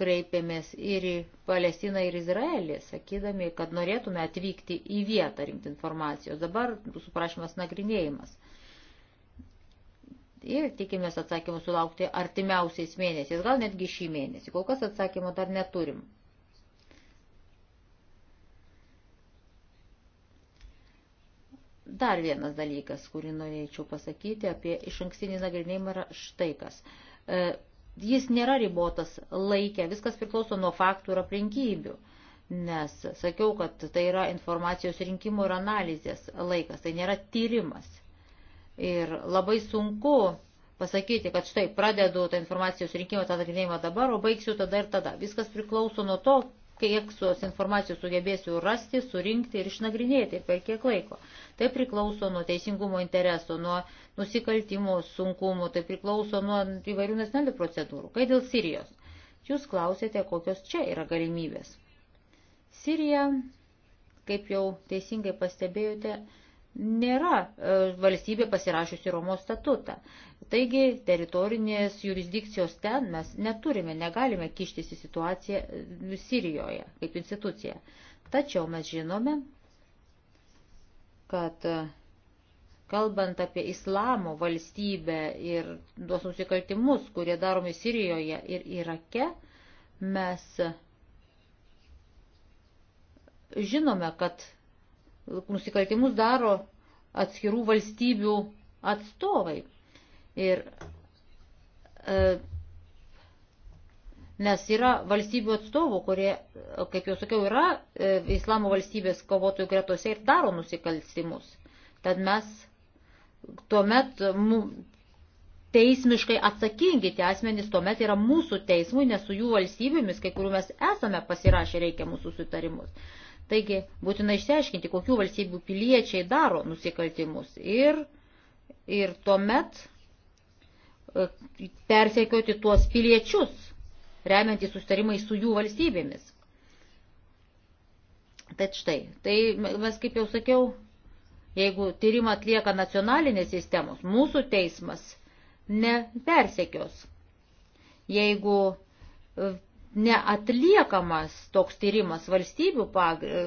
kreipėmės ir į Palestiną, ir Izraelį, sakydami, kad norėtume atvykti į vietą rinkti informacijos. Dabar mūsų prašymas nagrinėjimas. Ir tikimės atsakymų sulaukti artimiausiais mėnesiais, gal netgi šį mėnesį. Kol kas atsakymų dar neturim. Dar vienas dalykas, kurį norėčiau pasakyti apie iš ankstinį nagrinėjimą yra štai kas. E, jis nėra ribotas laikė, viskas priklauso nuo faktų ir aplinkybių nes sakiau, kad tai yra informacijos rinkimo ir analizės laikas, tai nėra tyrimas. Ir labai sunku pasakyti, kad štai pradedu tą informacijos rinkimą, tą nagrinėjimą dabar, o baigsiu tada ir tada. Viskas priklauso nuo to, kiek tos informacijos sugebėsiu rasti, surinkti ir išnagrinėti ir per kiek laiko. Tai priklauso nuo teisingumo intereso, nuo nusikaltimo sunkumų, tai priklauso nuo įvairių nacionalių procedūrų. Kai dėl Sirijos? Jūs klausėte, kokios čia yra galimybės. Sirija, kaip jau teisingai pastebėjote, nėra e, valstybė pasirašiusi Romos statutą. Taigi teritorinės jurisdikcijos ten mes neturime, negalime kištis į situaciją e, Sirijoje kaip institucija. Tačiau mes žinome, kad e, kalbant apie islamo valstybę ir tuos nusikaltimus, kurie daromi Sirijoje ir Irake, mes e, žinome, kad nusikaltimus daro atskirų valstybių atstovai. Ir e, Nes yra valstybių atstovų, kurie, kaip jau sakiau, yra e, islamo valstybės kovotojų gretose ir daro nusikaltimus. Tad mes tuomet mu, teismiškai atsakingi tie asmenys tuomet yra mūsų teismui, nes su jų valstybėmis, kai kurių mes esame pasirašę reikiamus susitarimus. Taigi būtina išsiaiškinti, kokių valstybių piliečiai daro nusikaltimus. Ir, ir tuomet E, persekioti tuos piliečius, remiantys sustarimai su jų valstybėmis. Tad štai, tai mes, kaip jau sakiau, jeigu tyrimą atlieka nacionalinės sistemos, mūsų teismas nepersekios. Jeigu e, neatliekamas toks tyrimas valstybių e,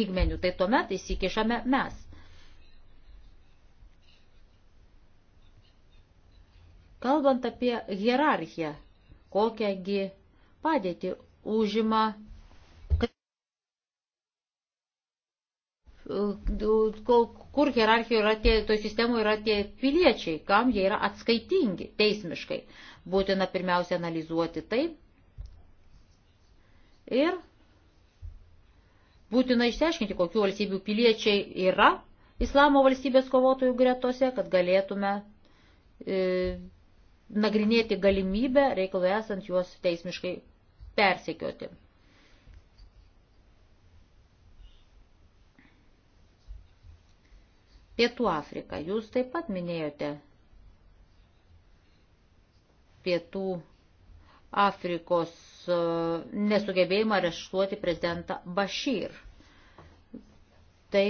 lygmenių, tai tuomet įsikišame mes. Kalbant apie hierarchiją, kokiągi padėtį užima kur hierarchijoje yra tie, toj sistemoje yra tie piliečiai, kam jie yra atskaitingi teismiškai. Būtina pirmiausia analizuoti tai ir būtina išsiaiškinti, kokiu valstybių piliečiai yra islamo valstybės kovotojų gretose, kad galėtume e, nagrinėti galimybę reikalui esant juos teismiškai persekioti. Pietų Afrika. Jūs taip pat minėjote Pietų Afrikos e, nesugebėjimą areštuoti prezidentą Bashir. Tai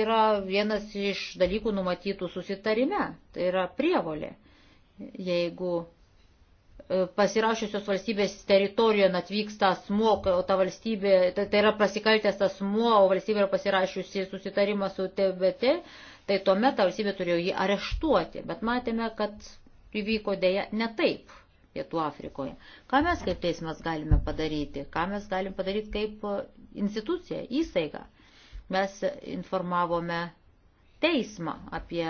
yra vienas iš dalykų numatytų susitarime, tai yra prievolė jeigu e, pasirašiusios valstybės teritorijoje atvyksta asmuo, o ta valstybė, tai, tai yra pasikaltęs asmuo, o valstybė yra pasirašiusi susitarimą su TBT, tai tuomet ta valstybė turėjo jį areštuoti. Bet matėme, kad įvyko dėja ne taip Pietų Afrikoje. Ką mes kaip teismas galime padaryti? Ką mes galim padaryti kaip institucija, įstaiga? Mes informavome teismą apie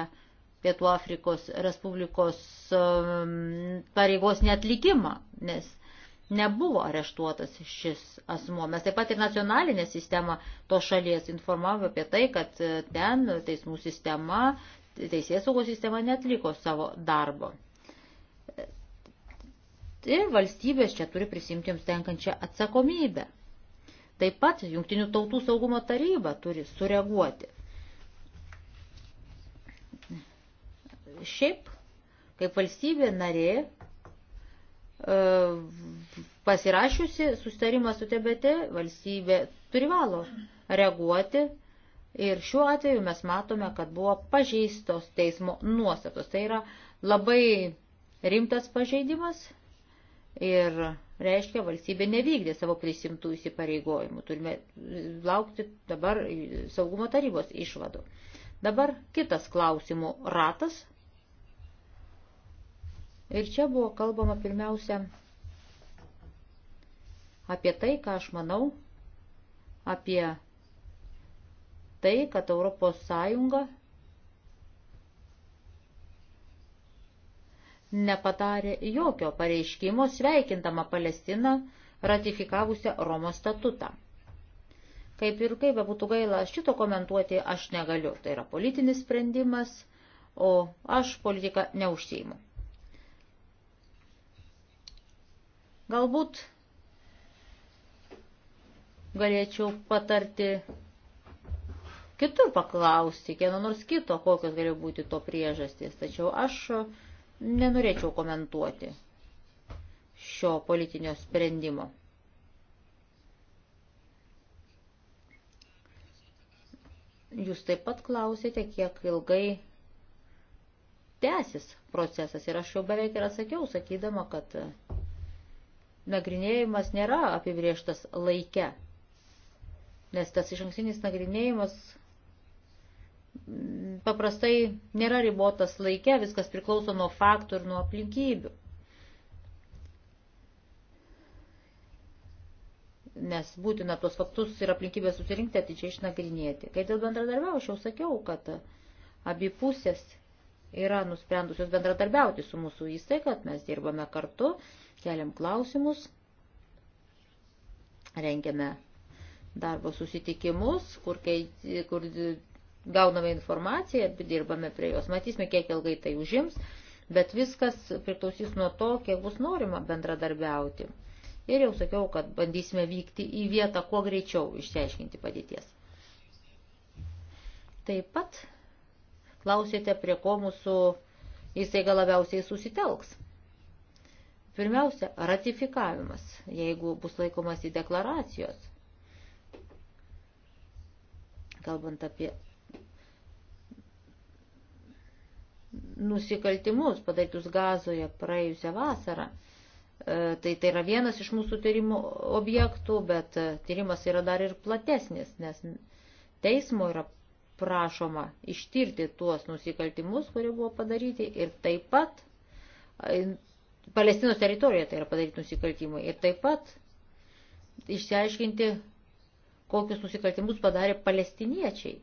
Pietų Afrikos Respublikos um, pareigos netlikimą, nes nebuvo areštuotas šis asmo. Mes taip pat ir nacionalinę sistemą to šalies informavome apie tai, kad e, ten teismų sistema, teisės saugos sistema netliko savo darbo. E, ir valstybės čia turi prisimti jums tenkančią atsakomybę. Taip pat Junktinių tautų saugumo taryba turi sureaguoti. šiaip, kaip valstybė narė, e, pasirašiusi sustarimą su TBT, valstybė privalo reaguoti ir šiuo atveju mes matome, kad buvo pažeistos teismo nuostatos. Tai yra labai rimtas pažeidimas ir reiškia valstybė nevykdė savo prisimtų įsipareigojimų. Turime laukti dabar saugumo tarybos išvadų. Dabar kitas klausimų ratas, Ir čia buvo kalbama pirmiausia apie tai, ką aš manau, apie tai, kad Europos Sąjunga nepatarė jokio pareiškimo sveikindama Palestiną ratifikavusią Romos statutą. Kaip ir kaip bebūtų gaila, šito komentuoti aš negaliu. Tai yra politinis sprendimas, o aš politiką neužsijimu. Galbūt galėčiau patarti kitur paklausti, kieno nors kito, kokios galėjo būti to priežastys. Tačiau aš nenorėčiau komentuoti šio politinio sprendimo. Jūs taip pat klausėte, kiek ilgai tęsis procesas ir aš jau beveik ir atsakiau, sakydama, kad nagrinėjimas nėra apibrieštas laike, nes tas išankstinis nagrinėjimas mm, paprastai nėra ribotas laike, viskas priklauso nuo faktų ir nuo aplinkybių. Nes būtina tuos faktus ir aplinkybės susirinkti atidžiai išnagrinėti. Kai dėl bendradarbiavo, aš jau sakiau, kad abi pusės yra nusprendusios bendradarbiauti su mūsų įstaiga, kad mes dirbame kartu keliam klausimus, rengiame darbo susitikimus, kur, kai, kur gauname informaciją, dirbame prie jos, matysime, kiek ilgai tai užims, bet viskas priklausys nuo to, kiek bus norima bendradarbiauti. Ir jau sakiau, kad bandysime vykti į vietą kuo greičiau išsiaiškinti padėties. Taip pat klausėte, prie ko mūsų įstaiga labiausiai susitelks. Pirmiausia, ratifikavimas, jeigu bus laikomas į deklaracijos. Kalbant apie nusikaltimus padarytus gazoje praėjusią vasarą, e, tai tai yra vienas iš mūsų tyrimų objektų, bet e, tyrimas yra dar ir platesnis, nes teismo yra prašoma ištirti tuos nusikaltimus, kurie buvo padaryti ir taip pat e, Palestinos teritorijoje tai yra padaryti nusikaltimai. Ir taip pat išsiaiškinti, kokius nusikaltimus padarė palestiniečiai.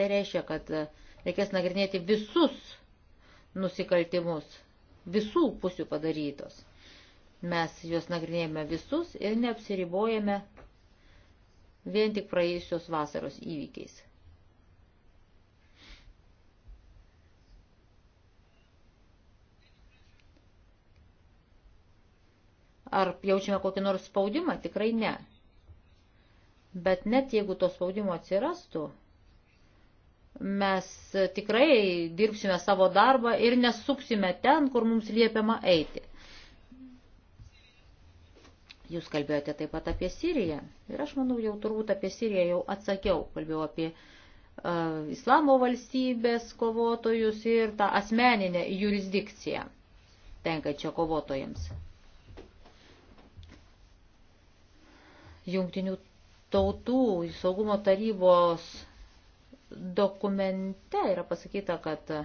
Tai reiškia, kad reikės nagrinėti visus nusikaltimus, visų pusių padarytos. Mes juos nagrinėjame visus ir neapsiribojame vien tik praėjusios vasaros įvykiais. Ar jaučiame kokį nors spaudimą? Tikrai ne. Bet net jeigu to spaudimo atsirastų, mes tikrai dirbsime savo darbą ir nesuksime ten, kur mums liepiama eiti. Jūs kalbėjote taip pat apie Siriją. Ir aš manau, jau turbūt apie Siriją jau atsakiau. Kalbėjau apie uh, islamo valstybės kovotojus ir tą asmeninę jurisdikciją tenkančią kovotojams. Jungtinių tautų saugumo tarybos dokumente yra pasakyta, kad e,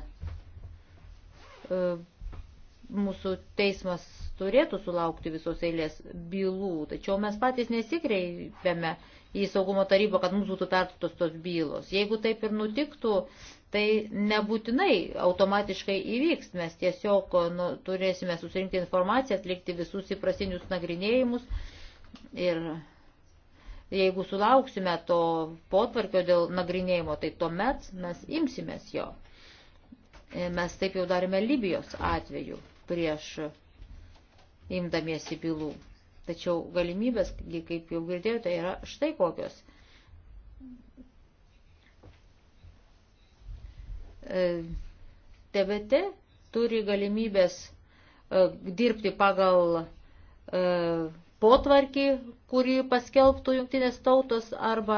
mūsų teismas turėtų sulaukti visos eilės bylų, tačiau mes patys nesikreipiame į saugumo tarybą, kad mums būtų pertutos tos bylos. Jeigu taip ir nutiktų, tai nebūtinai automatiškai įvyks, mes tiesiog nu, turėsime susirinkti informaciją, atlikti visus įprasinius nagrinėjimus ir Jeigu sulauksime to potvarkio dėl nagrinėjimo, tai tuomet mes imsimės jo. E, mes taip jau darėme Libijos atveju prieš imdamiesi bylų. Tačiau galimybės, kaip jau girdėjote, yra štai kokios. TVT e, turi galimybės e, dirbti pagal potvarkį, kurį paskelbtų jungtinės tautos arba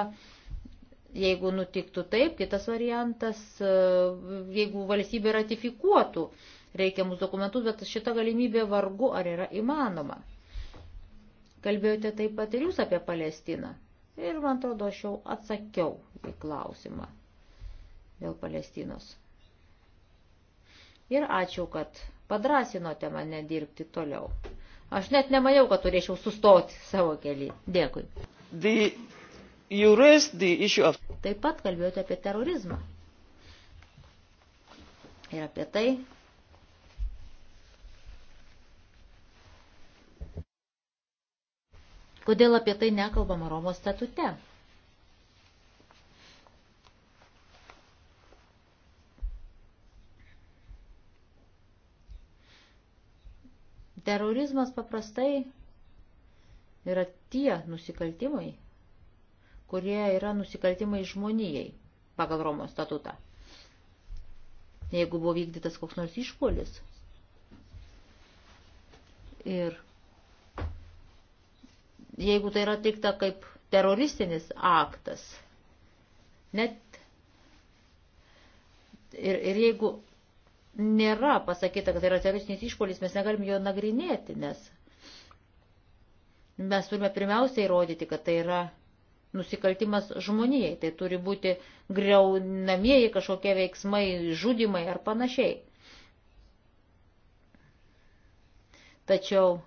jeigu nutiktų taip, kitas variantas, e, jeigu valstybė ratifikuotų reikiamus dokumentus, bet šita galimybė vargu ar yra įmanoma. Kalbėjote taip pat ir jūs apie Palestiną. Ir man atrodo, aš jau atsakiau į klausimą dėl Palestinos. Ir ačiū, kad padrasinote mane dirbti toliau. Aš net nemaniau, kad turėčiau sustoti savo kelią. Dėkui. The, you raised the issue of... Taip pat kalbėjote apie terorizmą. Ir apie tai, kodėl apie tai nekalbama Romos statute. Terorizmas paprastai yra tie nusikaltimai, kurie yra nusikaltimai žmonijai pagal Romos statutą. Jeigu buvo vykdytas koks nors išpolis ir jeigu tai yra tikta kaip teroristinis aktas, net ir, ir jeigu nėra pasakyta, kad tai yra teroristinis išpolis, mes negalim jo nagrinėti, nes mes turime pirmiausia įrodyti, kad tai yra nusikaltimas žmonijai. Tai turi būti greunamieji kažkokie veiksmai, žudimai ar panašiai. Tačiau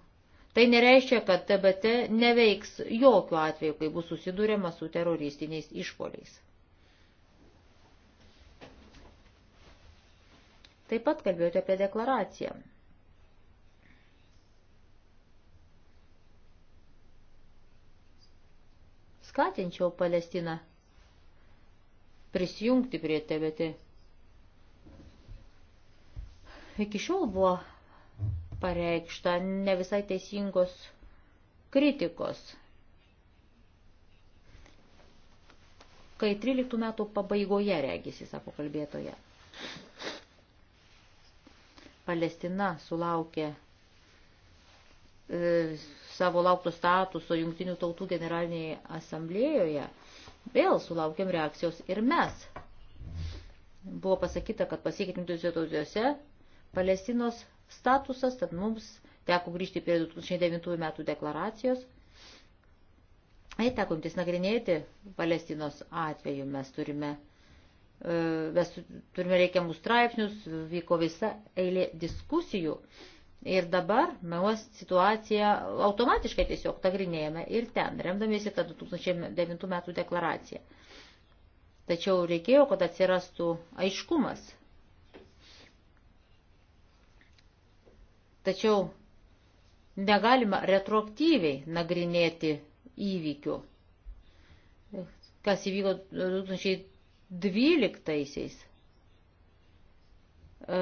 tai nereiškia, kad TBT neveiks jokių atveju, kai bus susidūrėma su teroristiniais išpoliais. Taip pat kalbėjote apie deklaraciją. Skatinčiau Palestiną prisijungti prie TBT. Iki šiol buvo pareikšta ne visai teisingos kritikos. Kai 13 metų pabaigoje regisi, sako kalbėtoje. Palestina sulaukė e, savo laukto statuso Jungtinių tautų generalinėje asamblėjoje, vėl sulaukėm reakcijos ir mes. Buvo pasakyta, kad pasiekit jungtinėse tautose Palestinos statusas, tad mums teko grįžti prie 2009 metų deklaracijos. Ir teko imtis nagrinėti Palestinos atveju. Mes turime E, mes turime reikiamus straipsnius, vyko visa eilė diskusijų. Ir dabar mes situaciją automatiškai tiesiog nagrinėjame ir ten, remdamiesi tą 2009 metų deklaraciją. Tačiau reikėjo, kad atsirastų aiškumas. Tačiau negalima retroaktyviai nagrinėti įvykių, kas įvyko 2000 12. E,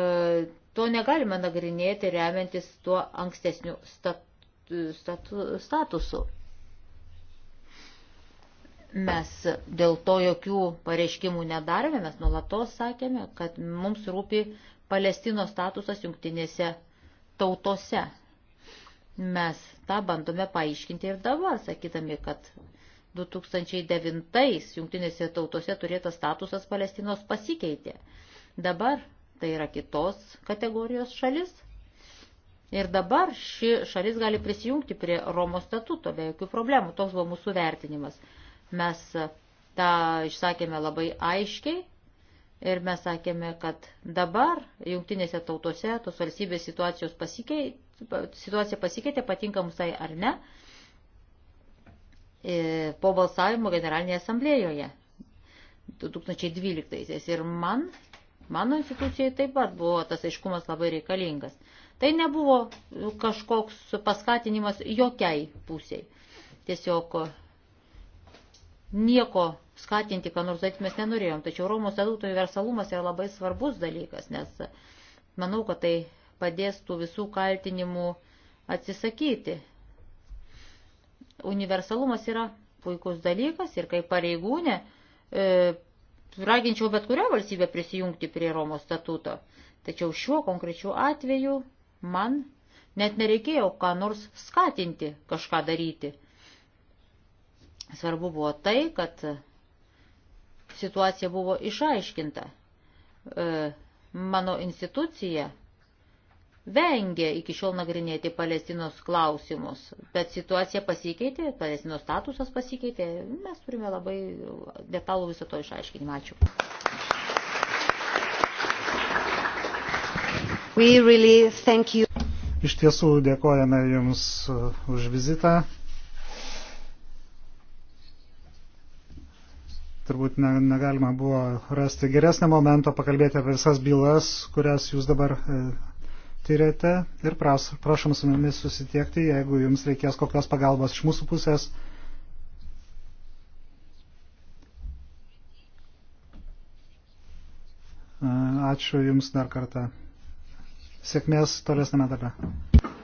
to negalime nagrinėti remiantis tuo ankstesniu statu, statu, statusu. Mes dėl to jokių pareiškimų nedarėme, mes nulatos sakėme, kad mums rūpi Palestino statusas jungtinėse tautose. Mes tą bandome paaiškinti ir dabar, sakydami, kad 2009 jungtinėse tautose turėtas statusas Palestinos pasikeitė. Dabar tai yra kitos kategorijos šalis. Ir dabar ši šalis gali prisijungti prie Romos statuto be jokių problemų. Toks buvo mūsų vertinimas. Mes tą išsakėme labai aiškiai ir mes sakėme, kad dabar jungtinėse tautose tos valstybės situacijos pasikeitė, situacija pasikeitė, patinka mums tai ar ne. E, po balsavimo Generalinėje asamblėjoje 2012. Ir man, mano institucijai taip pat buvo tas aiškumas labai reikalingas. Tai nebuvo kažkoks paskatinimas jokiai pusiai. Tiesiog nieko skatinti, ką nors daryti mes nenorėjom. Tačiau Romos statuto universalumas yra labai svarbus dalykas, nes manau, kad tai padės tų visų kaltinimų atsisakyti universalumas yra puikus dalykas ir kaip pareigūnė e, raginčiau bet kurią valstybę prisijungti prie Romos statuto. Tačiau šiuo konkrečiu atveju man net nereikėjo ką nors skatinti kažką daryti. Svarbu buvo tai, kad situacija buvo išaiškinta. E, mano institucija vengė iki šiol nagrinėti Palestinos klausimus, bet situacija pasikeitė, Palestinos statusas pasikeitė, mes turime labai detalų viso to išaiškinimą. Ačiū. We really thank you. Iš tiesų dėkojame Jums už vizitą. Turbūt negalima buvo rasti geresnio momento pakalbėti apie visas bylas, kurias Jūs dabar e, tyrėte ir prašom su mumis susitiekti, jeigu jums reikės kokios pagalbos iš mūsų pusės. Ačiū Jums dar kartą. Sėkmės tolesnėme darbe.